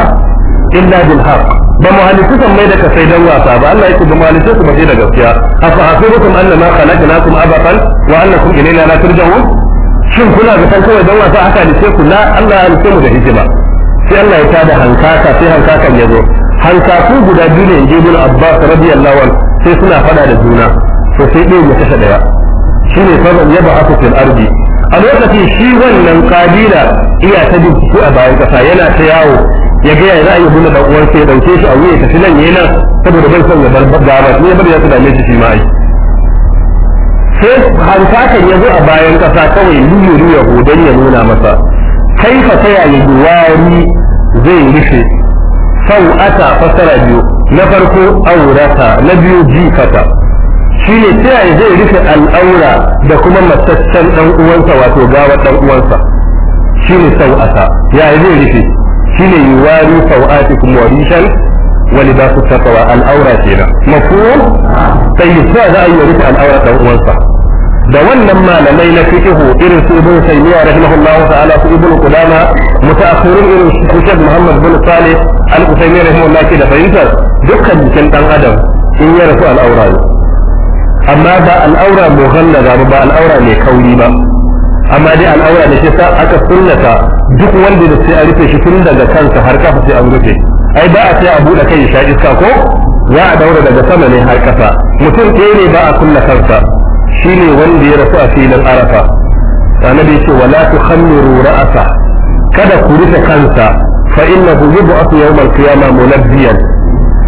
Speaker 1: illa bil haqq ba mu halittu kan mai da kasai dan wasa ba Allah yake ba mu halittu su maje da gaskiya afa hasibukum na kuma abakan wa annakum ilayna la turja'un shin kuna da san kawai dan wasa aka halice ku la Allah ya halice mu da hikima sai Allah ya tada hankaka sai hankakan ya zo hankaku guda biyu ne inji ibn Abbas radiyallahu anhu sai suna fada da juna to sai ɗaya ya kashe ɗaya shine sabon yaba aku fil ardi a lokacin shi wannan kabila iya ta bincike a bayan kasa yana ta yawo ya ga ya yi hula da uwar sai dauke shi a wuya tafi nan saboda bai son ya bar gaba ne bar ya tada shi ma ai sai hankakan ya zo a bayan kasa kawai liyuri ya hudan ya nuna masa kai fa ya yi duwari zai rufe sau'ata fasara biyu na farko aurata na biyu jikata ne ta yayi zai rufe al'aura da kuma mataccen dan uwansa wato gawar dan uwansa sau sau'ata ya zai rufe shine yuwari sawatikum wa rishan wa libasu taqwa al'aura kenan mafhum sai yusa za a yi rufe al'aura dan uwansa da wannan malamai na fiqh irin su ibnu taymiya rahimahullahu ta'ala su ibnu qudama mutaakhirun irin su shaykh muhammad bin salih al-usaymi rahimahullahu da fahimtar dukkan jikin dan adam in ya rasu al'aura ne amma ba al'aura mughallaza ba ba al'aura mai kauri ba amma dai al'aura da shi sa aka sunnata duk wanda da sai a rufe shi tun daga kansa har kafa sai an rufe ai ba a sai a buɗe kai sha iska ko za a daura daga sama ne har kasa mutum ɗaya ne ba a kunna kansa shine wanda ya rasu a filin arafa annabi ya ce wala tukhammiru ra'asa kada ku rufe kansa fa innahu yub'athu yawm al-qiyamah munabbiyan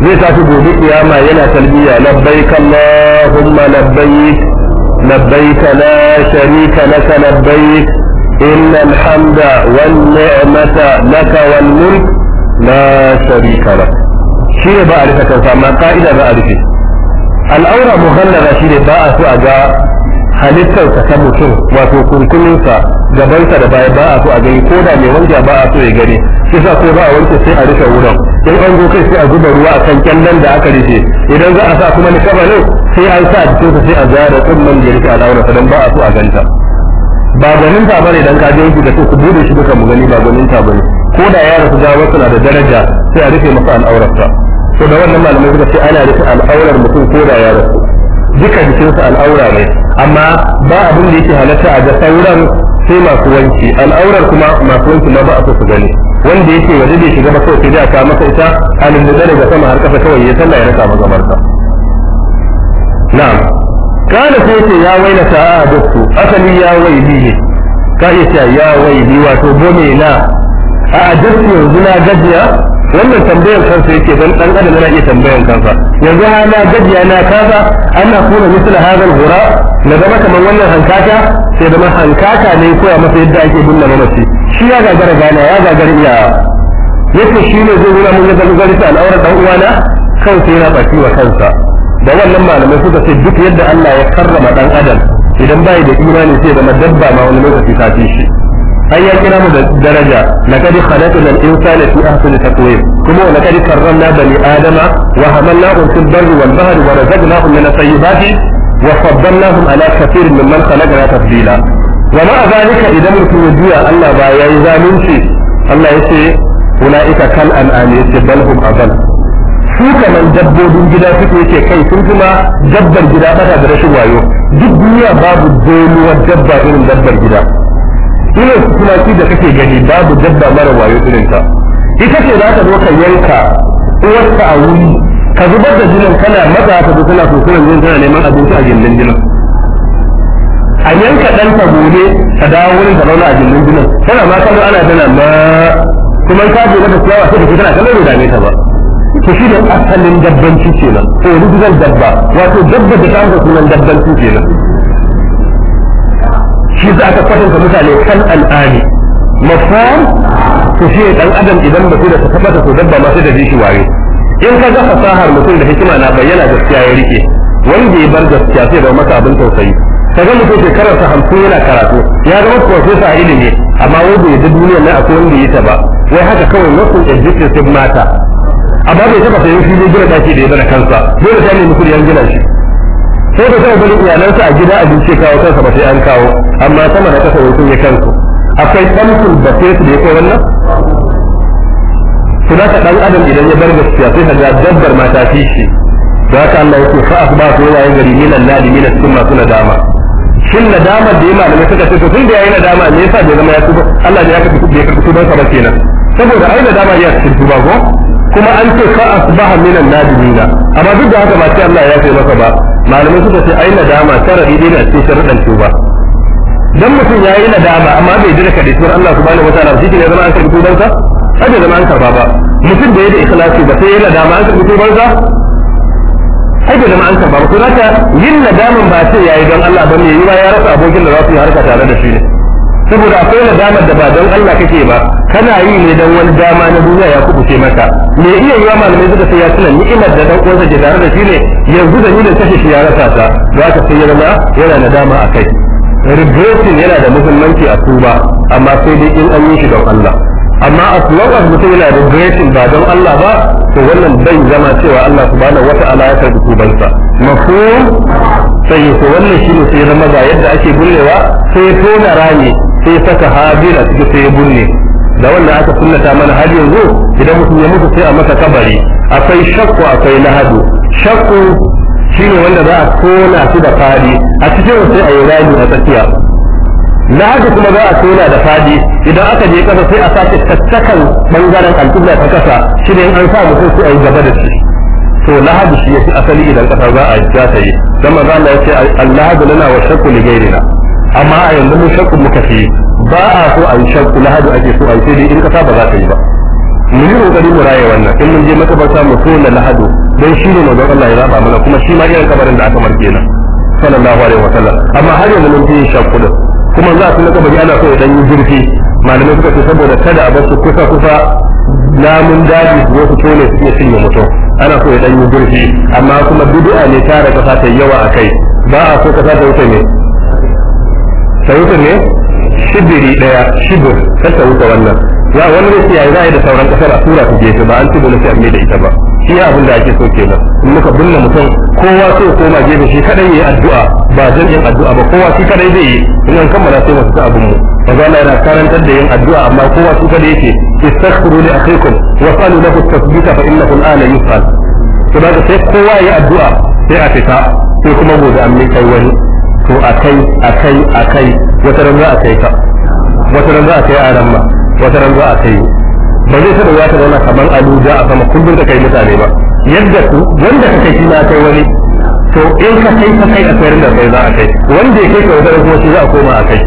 Speaker 1: zai tafi gobe kiyama yana talbiya labbaik allahumma labbaik labbaik la sharika laka labbaik إن الحمد والنعمة لك والملك لا شريك لك شيء بعرفة تنفع قائدة بعرفة الأورى مغلظة شيء باء أجا halittarsa ta mutum wato kunkuninsa sa da baya ba a so a gani ko da mai wanda ba a so ya gani yasa ko ba a wanke sai a rufe wurin in an zo kai sai a zuba ruwa a kan kyallan da aka rufe idan za a sa kuma ni kabarin sai an sa a jikinsa sai a zara tsumman da rufe al'aurarsa don ba a so a ganta ba ganin ta bane dan kaje yanki da ku bude shi duka mu gani ba ganin ta bane ko da ya rasu wasu suna da daraja sai a rufe masa al'aurarsa to da wannan malamai suka ce ana rufe al'aurar mutum ko da ya rasu duka jikinsa al'aura ne amma ba abin da yake halatta a ga sauran sai masu wanki al'aurar kuma masu wanki ma ba a su gani wanda yake waje bai shiga ba kawai sai a aka masa ita da daraja sama har kasa kawai ya sallah ya raka magamarsa na'am kana sai ce ya waina ta a dukku asali ya waili ne ka iya cewa ya waili wato gome na a ajarsu yanzu na gajiya wannan tambayar kansa yake dan dan adam yana iya tambayan kansa yanzu ha na gajiya na kaza ana kuna misal hadal gura na zama kamar wannan hankaka sai zama hankaka ne koya masa yadda ake binne mamaci shi ya gagara gana ya gagara iya yake shi ne zai nuna mun yadda zai ta al'aurar dan uwana kansa yana baki wa kansa da wannan malamai suka ce duk yadda Allah ya karrama dan adam idan bai da imani sai zama dabba ma wani lokaci ta fi shi ai ya kira mu da daraja laqad khalaqna al-insana fi ahsani taqwim kuma laqad karramna bani adama wa hamalnahum fil barri wal bahri wa razaqnahum min at-tayyibati wa faddalnahum ala kathirin mimman khalaqna tafdila wa ma dhalika idan mutum ya juya Allah ba yayi zalunci Allah yace ulaika kal an'ami bal hum abal su kamar dabbobin gida suke yake kai sun kuma dabbar gida bata da rashin wayo duk duniya babu doluwar dabba irin dabbar gida kuma shi da kake gani babu dabba mara wayo irin ta ita ce za ta zo ka yanka uwarta a wuri ka zubar da jinin kana maza ta zo tana sosunan jinin tana neman abinci a gindin jinin a yanka ɗan ta gobe ka dawo wurin ka zauna a gindin jinin tana ma kallon ana tana ma kuma ka je da ciyawa sai ka tana kallon da dame ta ba to shi da asalin dabbanci kenan original dabba wato dabba da ta sunan dabbanci nan shi za aka kwatanta mutane kan al'ani mafhum to shi dan adam idan ba da ta tabbata to dabba ma sai da shi ware in ka ga fasahar mutum da hikima na bayyana gaskiya ya rike wanda ya bar gaskiya sai da masa abin tausayi kaga mutum shekarar sa hamsin yana karatu ya zama profesa a ilimi amma wanda ya ji duniyar na akwai wanda ya ta ba wai haka kawai wasu executive mata amma bai taba sayan fili gina daki da ya zana kansa dole ta nemi mutum an gina shi sai da sa bari iyalansa a gida a abinci kawo kansa ba sai an kawo amma sama da kasa wasu ya kansu akwai kamfin da sai su da ya wannan kuma ka dan adam idan ya bar gaskiya sai ka ga dabbar ma ta fi shi da haka Allah yake fa asba su yayin gari minan nadimin sun masu nadama shin nadama da ya malamai suka ce to tun da yayi nadama me yasa bai zama ya tuba Allah ne ya kafi bai kafi tuban sa ba kenan saboda ai nadama ya cikin ba ko kuma an ce fa asbaha minan nadimina amma duk da haka ba sai Allah ya yafe masa ba malamai suka ce ai nadama sharadi dai a cikin sharadan tuba dan mutum yayi nadama amma bai jira ka dai Allah subhanahu wataala shi ne zama an karbi tuban sa aje zama an karba ba mutum da ya da ikhlasi ba sai ya nadama an karbi tuban sa aje zama an karba ba ko haka yin nadaman ba sai yayi don Allah bane yi ba ya rasa abokin da za su yi harka tare da shi ne saboda akwai nadamar da ba don Allah kake ba kana yi ne don wani dama na duniya ya kubuce maka me iya wa malamai suka sai ya tuna ni'imar da dan uwansa ke tare da shi ne yanzu da ni da kashe shi ya rasa ta za ka sai yana yana nadama a kai regretting yana da muhimmanci a tuba amma sai dai in an yi shi don Allah amma a long wasu mutum yana regretting ba don Allah ba to wannan bai zama cewa Allah subhanahu wata'ala ya karbi tubansa mafi sai ko wannan shi ne sai zama ga yadda ake bullewa sai tona rami sai saka habil a cikin sai ya bunne da wannan aka sunnata mana har yanzu idan mutum ya mutu sai a masa kabari akwai shakku akwai lahadu shakku shine wanda za a tona su da fadi a cikin sai a yi rami a tsakiya lahadu kuma za a tona da fadi idan aka je kasa sai a sake tattakan bangaren alƙibla ta kasa shi ne an sa mutum sai a yi gaba da shi to lahadu shi ya fi asali idan kasa za a ja ta yi dan manzo Allah ya ce al-lahadu lana wa shakku li amma a yanzu mun shakku muka fi ba a so a yi shakku lahadu ake so a yi sai dai in kasa ba za ta yi ba mu yi kokari mu raye wannan in mun je makabarta mu so na lahadu dan shi ne mazan Allah ya zaba mana kuma shi ma irin kabarin da aka marke na sallallahu alaihi wasallam amma har yanzu mun fi yin shakku da kuma za su na kabari ana so ya dan yi zurfi malamai suka ce saboda kada a bar su kusa kusa namun daji su zo su tone su iya cinye mutum ana so ya dan yi zurfi amma kuma bid'a ne tare kasa ta yawa a kai ba a so kasa ta wuce ne ta wuce ne shibiri daya shibir kar ta wuce wannan ya wani zai ya za a yi da sauran kasar a tura su gefe ba an ci dole sai da ita ba shi ya abin da ake so kenan in muka binne mutum kowa so koma gefe shi kadai yi addu'a ba zan yin addu'a ba kowa shi kadai zai yi in an kammala sai mu abin mu ba Allah yana karantar da yin addu'a amma kowa shi kadai yake istaghfiru li akhikum wa salu lahu at fa innahu al-ana yus'al to daga sai kowa yi addu'a sai a fita sai kuma gobe an mai kai wani to kai a kai wata ran za a kai ka wata ran za a kai a ran ma wata ran za a kai ba zai taɓa ya taɓa kamar aluja a sama kullum ka kai mutane ba yadda su wanda ka kai shi na kai wani to in ka kai ka kai a sayar da kai za a kai wanda ya kai ka wata ran kuma shi za a koma a kai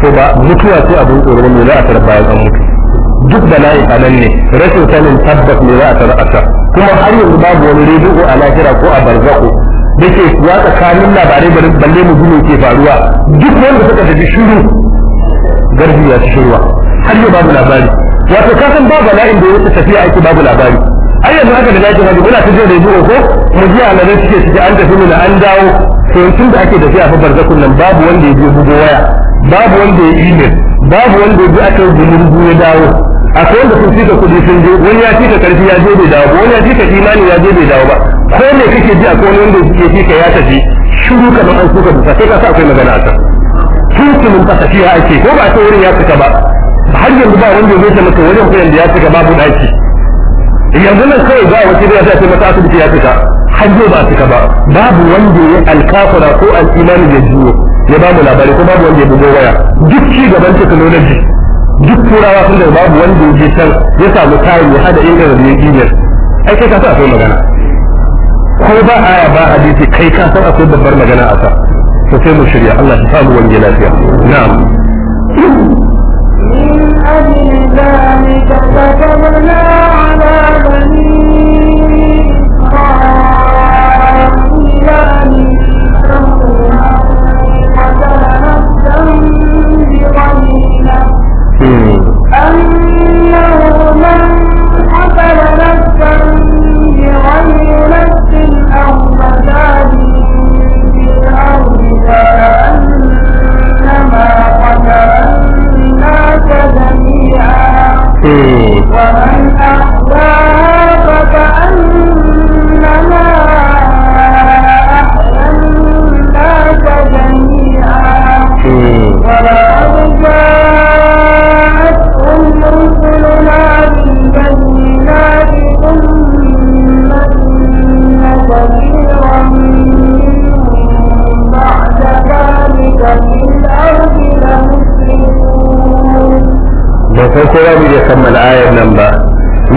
Speaker 1: to ba mutuwa ce abin tsoro ne za a tara bayan an mutu duk bala'i a nan ne rashin sanin tabbas ne za a tara a kuma har yanzu babu wani rediyo a lahira ko a barzaku da ke kuwa tsakanin labarai balle mu gudu ke faruwa duk wanda suka tafi shiru garbi ya ci shirwa har yau babu labari wato ka san babu bala'in da yake tafiya ake babu labari ai yanzu haka da zaki hadu muna ta jin rediyo ko mu ji alalar suke suke an tafi mu an dawo to tun da ake tafiya fa barzakun nan babu wanda ya je bugo waya babu wanda ya email babu wanda ya je aka gumurgu ya dawo akwai wanda sun fita kuɗi sun je wani ya fita ƙarfi ya je bai dawo ba wani ya fita imani ya je bai dawo ba ko me kake ji akwai wani wanda yake ji ka ya tafi shiru kamar an kuka busa sai ka sa akwai magana a kan tuntunin ka tafiya ake ko ba ta wurin ya fita ba har yanzu ba wanda zai maka wajen yanzu da ya fita babu daki yanzu nan kawai ba wace da ya sai mata asibiti ya fita har yau ba fita ba babu wanda ya alkafura ko al'imani ya jiwo ya ba mu labari ko babu wanda ya bugo waya duk ci gaban technology duk turawa sun da babu wanda ya je can ya samu kayan ya hada inda da ya kiyar ai kai ka sa akwai magana ko ba aya ba hadisi kai ka san akwai babbar magana a ta to sai mu shirya Allah ya samu wani lafiya na'am
Speaker 2: من أجل ذلك كتبنا على بني 我们。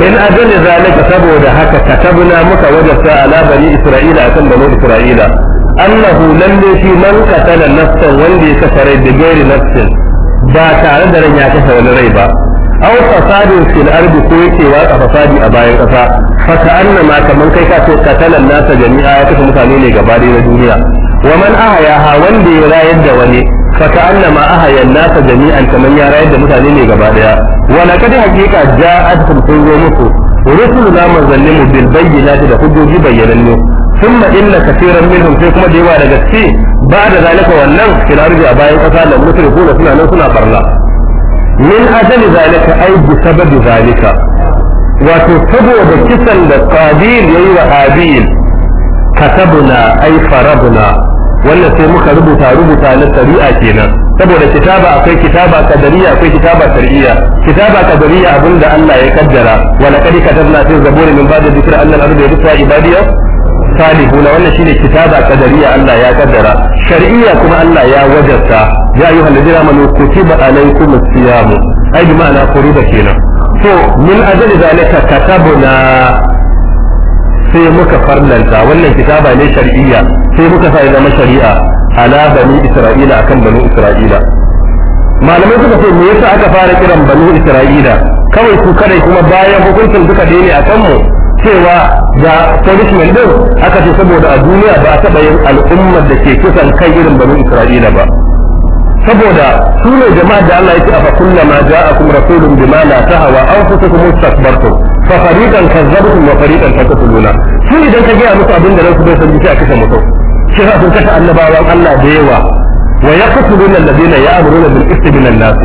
Speaker 1: In min ajali zalika saboda haka katabna muka wajabta ala bani isra'ila akan bani isra'ila annahu lalle shi man qatala nafsan wanda ya kashe rai da gairi nafsin ba tare da ran ya kasa wani rai ba aw fasadin fil ardi ko yake watsa fasadi a bayan kasa fa annama kaman kai ka ce qatala nasa jami'a ya kashe mutane ne gaba na duniya wa man wanda ya rayar da wani فكأنما أهيا الناس جميعا كما يرى يد متعلمين قبالها ولقد حقيقة جاءتكم تنظمكم رسلنا مظلموا بالبينات لحجوج بينا ثم إن كثيرا منهم فيكم ديوا لجسي بعد ذلك والنم خلال رجع باين قصال المشركون سنة نسنا برلا من أجل ذلك أي بسبب ذلك وتصبوا بكسا لقابيل يوى هابيل كتبنا أي فرضنا wannan sai muka rubuta rubuta na shari'a kenan saboda kitaba akwai kitaba kadariya akwai kitaba shar'iyya kitaba kadariya abinda Allah ya kaddara wa laqad katabna fi zaburi min ba'da dhikri annal ardu yarithha ibadiya salihun wannan shine kitaba kadariya Allah ya kaddara shar'iyya kuma Allah ya wajarta ya ayyuhal ladina amanu kutiba alaykumus siyam ai bi na quriba kenan so min ajali zalika katabna sai muka farlanta wannan kitaba ne shar'iyya sai muka sa ya zama shari'a ala bani isra'ila akan bani isra'ila malamai suka ce me yasa aka fara kiran bani isra'ila kawai su kadai kuma bayan hukuncin duka daina ne a kanmu cewa ga punishment din aka ce saboda a duniya ba a taɓa yin al'ummar da ke kisan kai irin bani isra'ila ba saboda su ne jama'a da Allah ya ce a fa kullama ja'akum rasulun bima la tahawa anfusukum istakbartum fa fariqan kazzabtum wa fariqan taqtuluna su idan ka gaya musu abin da ransu bai san sai a kashe mutum shi za sun kashe annabawan Allah da yawa wa yaqtuluna alladhina ya'muruna bil qisti min an-nas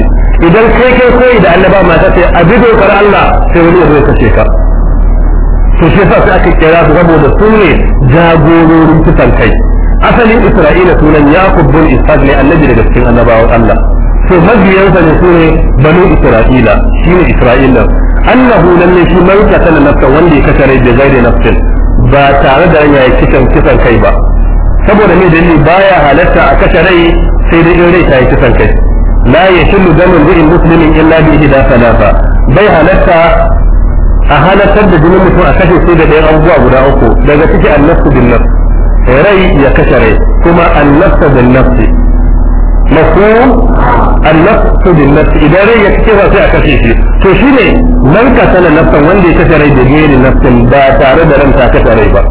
Speaker 1: idan kai kai koyi da annaba ma ta sai abi dokar Allah sai wani ya zo ya kashe ka sai aka kira su saboda su jagororin kisan kai asalin Isra'ila sunan Yaqub bin Ishaq ne annabi daga cikin annabawan Allah to mabiyansa ne su ne Isra'ila shine Isra'ila annahu lalle shi man tana nafsa wanda ya kasare da gaire nafsin ba tare da ya kisan kisan kai ba saboda me dalili baya halatta a kashe rai sai da in rai ta yi kisan kai la yashillu damu li'in muslimin illa bi ihda salafa bai halatta a halartar da jinin mutum a kashe sai da ɗayan abubuwa guda uku daga ciki annafsu bin nafs rai ya kashe rai kuma annafsa bin nafsi مفهوم annafsu bin nafsi idan rai ya kace sai a kashe shi to shine man katala nafsan wanda ya kashe rai da gairi nafsin ba tare da ba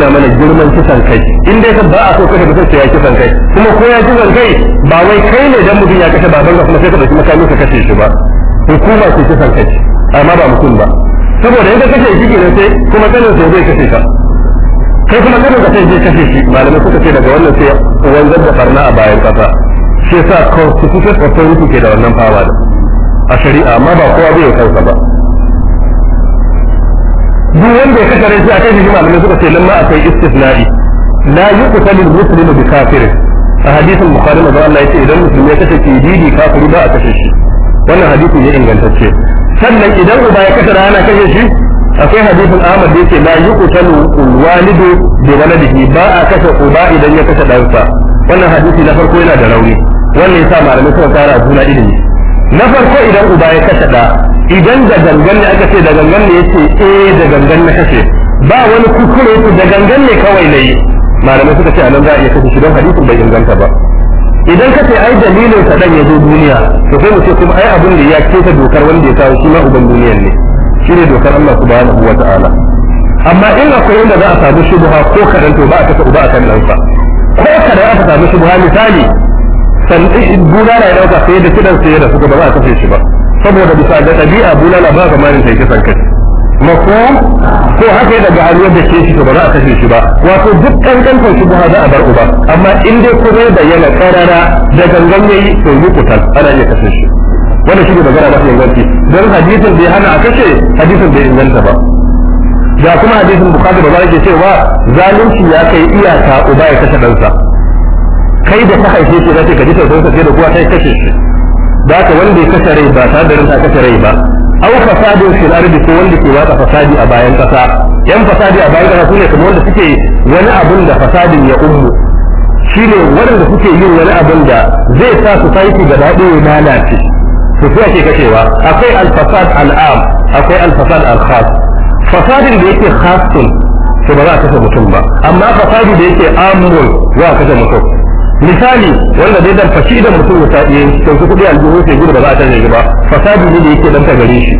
Speaker 1: da mana girman kisan kai in dai ka ba a so kashe mutum ya kisan kai kuma ko ya kisan kai ba wai kai ne dan mutum ya kashe baban ka kuma sai ka dauki makami ka kashe shi ba hukuma ce kai amma ba mutum ba saboda in ka kashe shi sai kuma sanin sai zai kashe ka kai kuma kada ka sai je kashe shi malamai suka ce daga wannan sai wanzar da farna a bayan kasa shi yasa constitution authority ke da wannan fawa da a shari'a amma ba kowa zai kansa ba duk wanda ya kashe rai sai akai shi malamai suka ce lamma akwai istisna'i la yuqtalu al muslim bi kafirin a hadisin bukhari da Allah yake idan musulmi ya kashe kididi kafiri ba a kashe shi wannan hadisi ne ingantacce sannan idan uba ya kashe rana kashe shi akwai hadisin Ahmad yake la yuqtalu walidu bi waladihi ba a kashe uba idan ya kashe ɗansa wannan hadisi na farko yana da rauni wannan yasa malamai suka fara juna ilimi na farko idan uba ya kashe da idan da gangan ne aka ce da gangan ne yace eh da gangan na kashe ba wani kuskure yace da gangan ne kawai ne malamai suka ce anan za a iya kashe shi don hadisin bai inganta ba idan ka ce ai dalilin sa dan ya zo duniya to sai mu ce kuma ai abin da ya keta dokar wanda ya kawo shi ma uban duniyar ne shine dokar Allah subhanahu wa ta'ala amma in akwai inda za a samu shubha ko kadan to ba a kasa uba akan nan ko kadan aka samu shubha misali san bulala ya dauka sai da kidan sai da suka ba za a kashe shi ba saboda bisa ga dabi'a bulala ba zamanin sai kisan kai mako ko haka ya daga hannu da ke shi to ba za a kashe shi ba wato duk kankantar shi ba za a bar uba amma in dai kuma da yana karara da gangan yayi to yi kutal ana iya kashe shi wanda shi ne magana mafi inganci don hadisin bai hana a kashe hadisin bai inganta ba da kuma hadisin bukatu da yake cewa zalunci ya kai iyaka uba ya kashe ɗansa kai da ka haife shi za ka kaji tausayin sa sai da kuwa kai kashe shi da ka wanda ya kashe rai ba tare da rinta kashe rai ba au fasadin fil ardi ko wanda ke watsa fasadi a bayan kasa yan fasadi a bayan kasa sune kuma wanda suke wani abun da fasadin ya ummu shine wadanda suke yin wani abun da zai sa society gaba ɗaya lalace to sai ake akwai akwai al-khas fasadin da yake to ba za a mutum ba amma da yake za a kashe mutum misali wanda dai dan fashi da mutum ya to su kudi sai gudu ba za ba fasadi ne da yake dan ta gare shi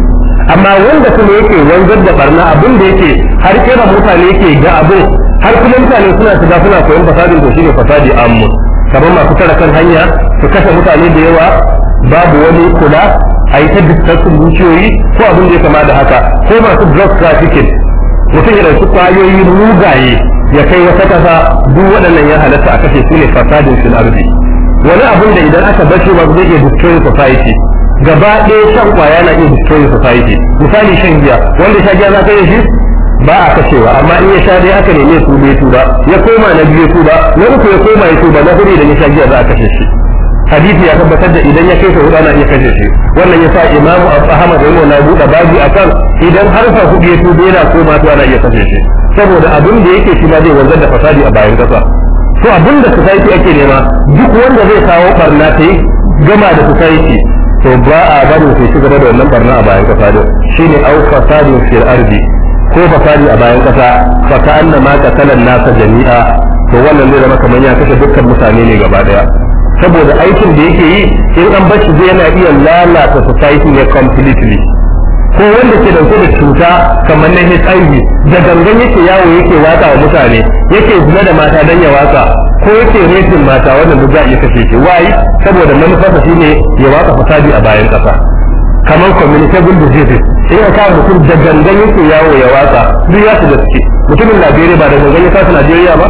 Speaker 1: amma wanda kuma yake wanzar da barna abin da yake har kira mutane yake ga abu har kuma mutane suna shiga suna koyon fasadin to shine fasadi kamar masu tara kan hanya su kashe mutane da yawa babu wani kula a yi ta diskansin dukiyoyi ko abin da ya kama da haka ko masu drug trafficking mutum ya ɗauki kwayoyi mugaye ya kai wata kasa duk waɗannan ya halatta a kashe su ne fasadin fil arzi. wani abin da idan aka bar shi ba zai iya destroy society gaba ɗaya shan kwaya na iya destroy society misali shan giya wanda sha giya za ka yi shi ba a kashewa amma in ya sha dai aka neme su bai tuba ya koma na biyu tuba na uku ya koma ya tuba na hudu da ya sha giya za a kashe shi hadisi ya tabbatar da idan ya kai sa hudana ana iya kashe shi wannan yasa imamu ahmad rahimahu na buɗe babu akan idan har sa hudu ya tube yana ma tuwa ana iya kashe shi saboda abin da yake shi ma zai wanzar da fasadi a bayan kasa to abin da society ake nema duk wanda zai kawo barna ta yi gama da society to ba a bari su ci gaba da wannan barna a bayan kasa shi shine au fasadi fil ardi ko fasadi a bayan kasa fa ka annama ka nasa jami'a to wannan zai zama kamar ya kashe dukkan mutane ne gaba daya saboda aikin da yake yi in an bashi zai yana iya lalata society ne completely ko wanda ke da da cuta kamar na HIV da gangan yake yawo yake waka wa mutane yake zuna da mata dan ya waka, ko yake rafin mata wannan duk za a kashe shi wai saboda manufarsa shine ya waka fasadi a bayan kasa kamar communicable disease sai aka mutum da gangan yake yawo ya waka. duk ya su suke? mutumin Najeriya ba da gangan ya Najeriya ba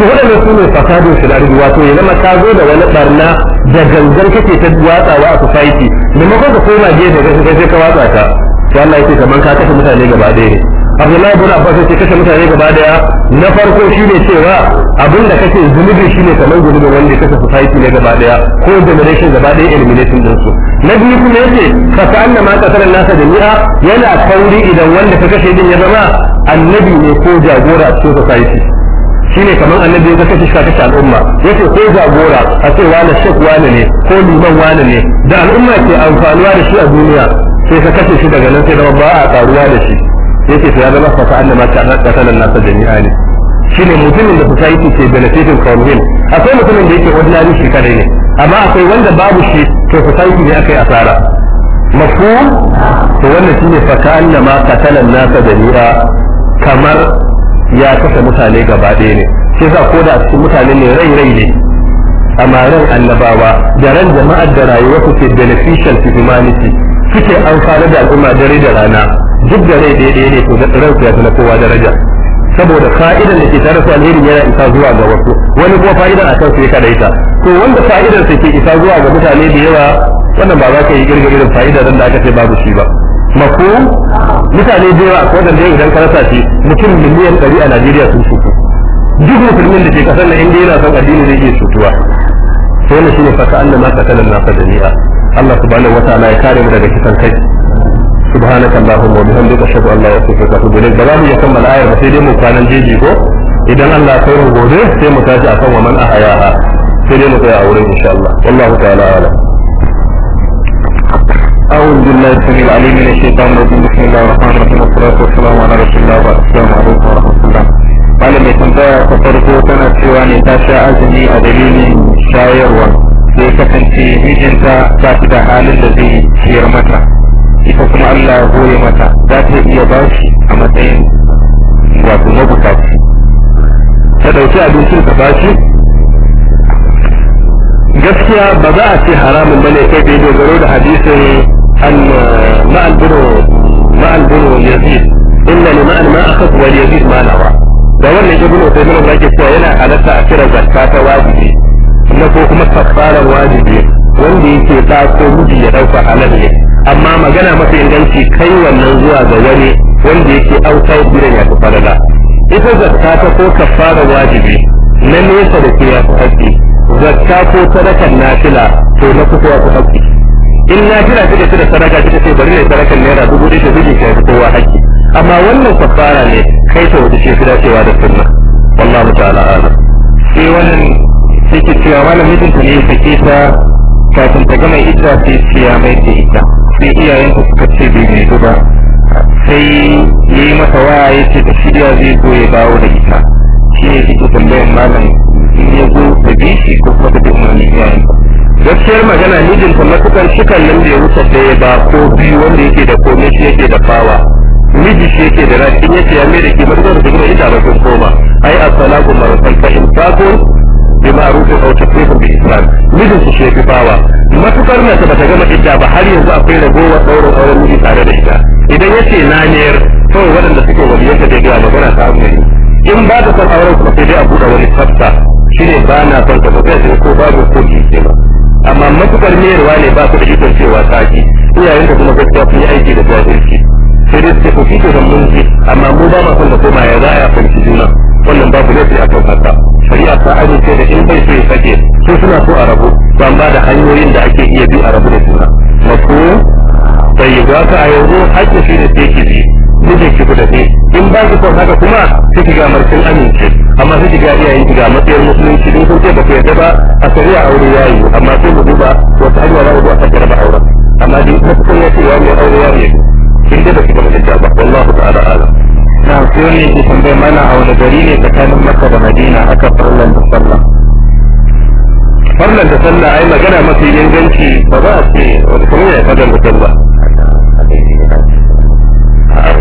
Speaker 1: to waɗanda su ne fasadin shi lardi wato ya zama ka zo da wani barna da gangan kake ta watsawa a society maimakon ka koma gefe ka sai ka watsa ta to Allah yake kamar ka kashe mutane gaba ɗaya ne Abdullahi bin Abbas yake kashe mutane gaba ɗaya na farko shine cewa abin da kake zunubi shine kamar da wanda ya kashe society ne gaba ɗaya ko generation gaba ɗaya elimination din su na biyu kuma yace fa anna ma qatala nasa jami'a yana kauri idan wanda ka kashe din ya zama annabi ne ko jagora a cikin society shine kamar annabi ya kace shi kace al'umma ce ko jagora a ce wani shek wani ne ko liman wani ne da al'umma ke amfanuwa da shi a duniya sai ka kace shi daga nan sai zama ba a karuwa da shi ya ce to ya zama fa ka annama ta annaka nasa jami'a ne shine mutumin da society ke benefiting from him akwai mutumin da yake ordinary shi kadai ne amma akwai wanda babu shi to society ne aka yi asara mafhum to wannan shine fa ka annama qatala nasa jami'a kamar ya kasa mutane gaba ɗaya ne shi sa ko da cikin mutane ne rai rai ne amma ran annabawa da ran jama'ar da rayuwa su ke beneficial to humanity suke amfana da al'umma dare da rana duk da rai daidai ne to ran su ya fi na kowa daraja saboda fa'idan da ke tare su alheri yana isa zuwa ga wasu wani kuma fa'idan a kansu ya kadaita to wanda fa'idan su ke isa zuwa ga mutane da yawa wannan ba za ka yi girgirin fa'idar da aka ce babu shi ba mako mutane da yawa ko da idan ka rasa shi mutum miliyan 100 a Najeriya sun cutu duk musulmin da ke kasar na inda yana son ke zai iya cutuwa to wannan shine fa ka'anna ma qatala na nasa jami'a Allah subhanahu wata ta'ala ya kare mu daga kisan kai سبحانك اللهم وبحمدك اشهد ان لا اله الا انت استغفرك واتوب ba za mu iya kammala ayar ba sai dai mu kwanan jeji ko idan Allah ya kai gobe sai mu tashi kan wa man ahayaha sai dai mu kai a wurin insha Allah wallahu ta'ala a'lam أعوذ بالله السميع العليم من الشيطان الرجيم بسم الله الرحمن الرحيم
Speaker 2: والصلاة والسلام على رسول الله السلام عليكم ورحمة الله malam mai tambaya ta farko tana cewa ne ta sha azumi a dalilin shayarwa sai kasance mijinta ba shi halin da zai ciyar mata ita kuma Allah ya goye mata za ta iya a matsayin ta ta
Speaker 1: gaskiya ba za a ce haramun bane kai bai dogaro da hadisin ماء البر ماء البر واليزيد إن لماء ما أخذ واليزيد ما نوى da wannan ibnu taymiyyah da yake cewa yana halatta a kira zakka ta wajibi na ko kuma kafarar wajibi wanda yake da ko miji ya dauka halal ne amma magana mafi inganci kai wannan zuwa ga wani wanda yake outside gidan ya kufa da ita zakka ta ko kafarar wajibi na nesa da ke ya ko sadakar nafila to na in na kira da ci da sadaka suka sai bari ne sadakan naira dubu ɗaya da mijin ya fi kowa haƙƙi amma wannan kafara ne kai ta waje ce fi dacewa da sunna wallahu ta'ala ala.
Speaker 2: sai wannan yake cewa malam mijinta ne ya sake ta kafin ta gama ita sai siya mai ta ita sai iyayenta suka ce bai mai ba sai ya yi masa waya ya ce da shirya zai zo ya dawo da ita shi ne yake tambayar
Speaker 1: malam in ya zo da bishi ko kuma da umarnin iyayenta gaskiyar magana mijinta matukar cikan nan da ya wuce ɗaya ba ko biyu wanda yake da komai shi yake da fawa miji shi yake da rashi ya ce ya mai da kimar zuwa da ita da kun koma ai assalamu marasal fa in faqul bi ma'ruf aw tasrifun bi ihsan mijin su shi yake fawa matukar mace bata gama idda ba har yanzu akwai ragowa ɗaurin auren miji tare da ita idan ce na niyar kawai waɗanda suke waliyanta da ya magana ta amfani in ba ta san auren kuma sai dai a buɗe wani tsafta shine ba na son ta ba ko babu ko ke ba amma matukar merewa ne ba su da ikon cewa saki iyayen da kuma gaskiya sun yi aiki da zuwa sai dai sai ku da munji amma mu ba ma son da koma ya za a fanci juna wannan babu laifi a kan haka shari'a ta amince da in bai so ya sake su suna so a rabu ban ba da hanyoyin da ake iya bi a rabu da juna mafi bai yi za ka a yanzu haƙƙi shi ne sai ki bi mijin ki ku da in ba ki son haka kuma sai ki ga markin amince amma sai ki ga iyayen ki ga matsayin musulunci din sun ce ba ku yarda ba a shari'a aure yayi amma sai mu duba wata hanyar za mu zo a kaddara ba auren amma dai mutum ya ce yayi aure yayi in dai ba ki ga mutunta ba wallahu ta'ala ala. na sai ne ki tambaye mana a wani gari ne tsakanin Makka da Madina aka farlan da sallah farlan da sallah ai magana mafi inganci ba
Speaker 2: za a ce wani kuma ya farlan da ba.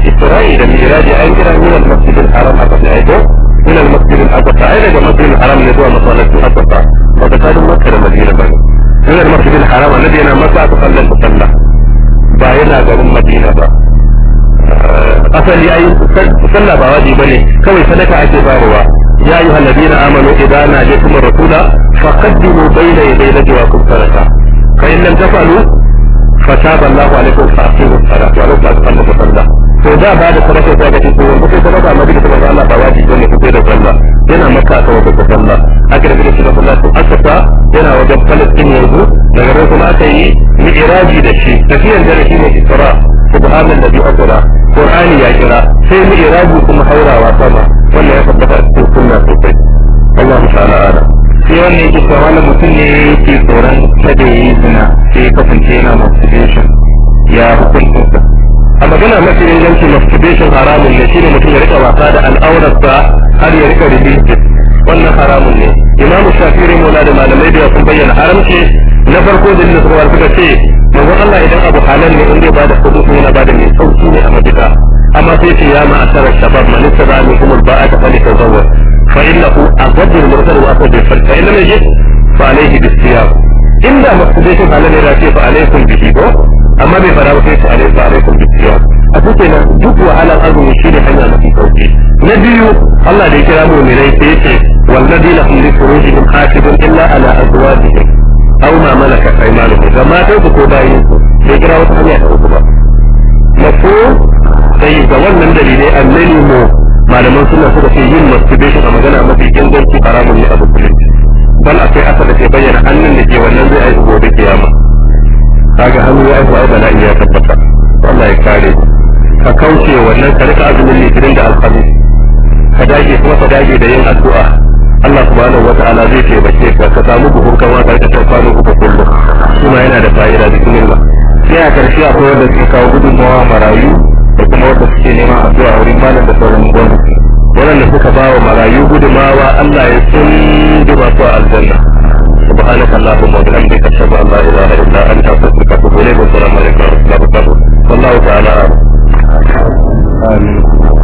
Speaker 2: السراء إلى ميلاد أميرا من المسجد الحرام أتساعده من المسجد الأقصى إلى المسجد
Speaker 1: الحرام الذي هو مصالة الأقصى وتقال مكة مدينة بني من المسجد الحرام الذي أنا مكة أتصلى المصلى باين هذا من مدينة بقى asali ai sallah ba wajibi bane kawai sadaka ake bayarwa ya ayyuha alladhina amanu idza najaytum ar-rasula faqaddimu bayna yaday najwaakum sadaka fa in lam tafalu fataba Allahu alaykum fa aqimu as-salata wa la taqallu sallah to da ba da sadaka ta ga cikin wanda sai sadaka ma bisa manzo Allah ba wajibi ne sai da sallah yana makka ta wata da sallah aka da bisa da sallah to ta yana wajen Palestine yanzu daga nan kuma aka yi mi'raji da shi tafiyar da shi ne Isra subhanallahi asra Qur'ani ya kira sai mi'raji kuma haurawa sama wannan ya tabbata cikin sunna sosai Allah ta'ala ala sai wannan yake cewa wani mutum ne yake tsoron kada ya yi zina sai ya kasance yana masturbation ya hukunta a magana mafi inganci masturbation haramun ne shine mutum ya rika wasa da al'aurarsa har ya rika release wannan haramun ne imam shafi rahimahullah da malamai da sun bayyana haramci na farko da suka war suka ce manzon Allah idan abu halal ne inda ba da kudu ne na ba da mai sauki ne a madina amma sai ce ya ma'asara shabab man istaba minkum alba'ata falyatazawwaj fa innahu aghaddu al-murtal wa aqdu al-farj fa illam yajid fa alayhi bis inda masturbation halal ne da ce fa alaykum bihi ko amma bai fara ba sai ta alaihi wa alaikum bisiyam a suke nan duk wahalar azumi shi ne hanya mafi sauki na biyu Allah da ya kira mu ne rai sai ce walladina hum li furujihim hafizun illa ala azwajihim aw ma malakat aymanuhum ga matan su ko bayin su bai kira wata hanya ta uku ba mafu sai ga wannan dalilai annani mu malaman suna suka ce yin masturbation a magana mafi inganci haramun ne a musulunci bal akwai asa da ke bayyana annan da ke wannan zai aiki gobe kiyama kaga hannu ya aiko ai bala'i ya tabbata Allah ya kare ka kauce wannan ka rika azumin litinin da alhamis ka dage kuma ka dage da yin addu'a Allah subhanahu wa ta'ala zai taimake ka ka samu buhun kama ka ta tafanu uku kullum kuma yana da fa'ida cikin illa sai a karshe akwai wanda suke kawo gudunmawa marayu da kuma wanda suke neman addu'a wurin malam da sauran gwamnati da suka ba wa marayu gudumawa Allah ya sun masu a aljanna سبحانك اللهم وبحمدك أشهد أن لا إله إلا أنت
Speaker 2: أستغفرك وأتوب إليك والسلام عليكم ورحمة الله وبركاته والله تعالى آمين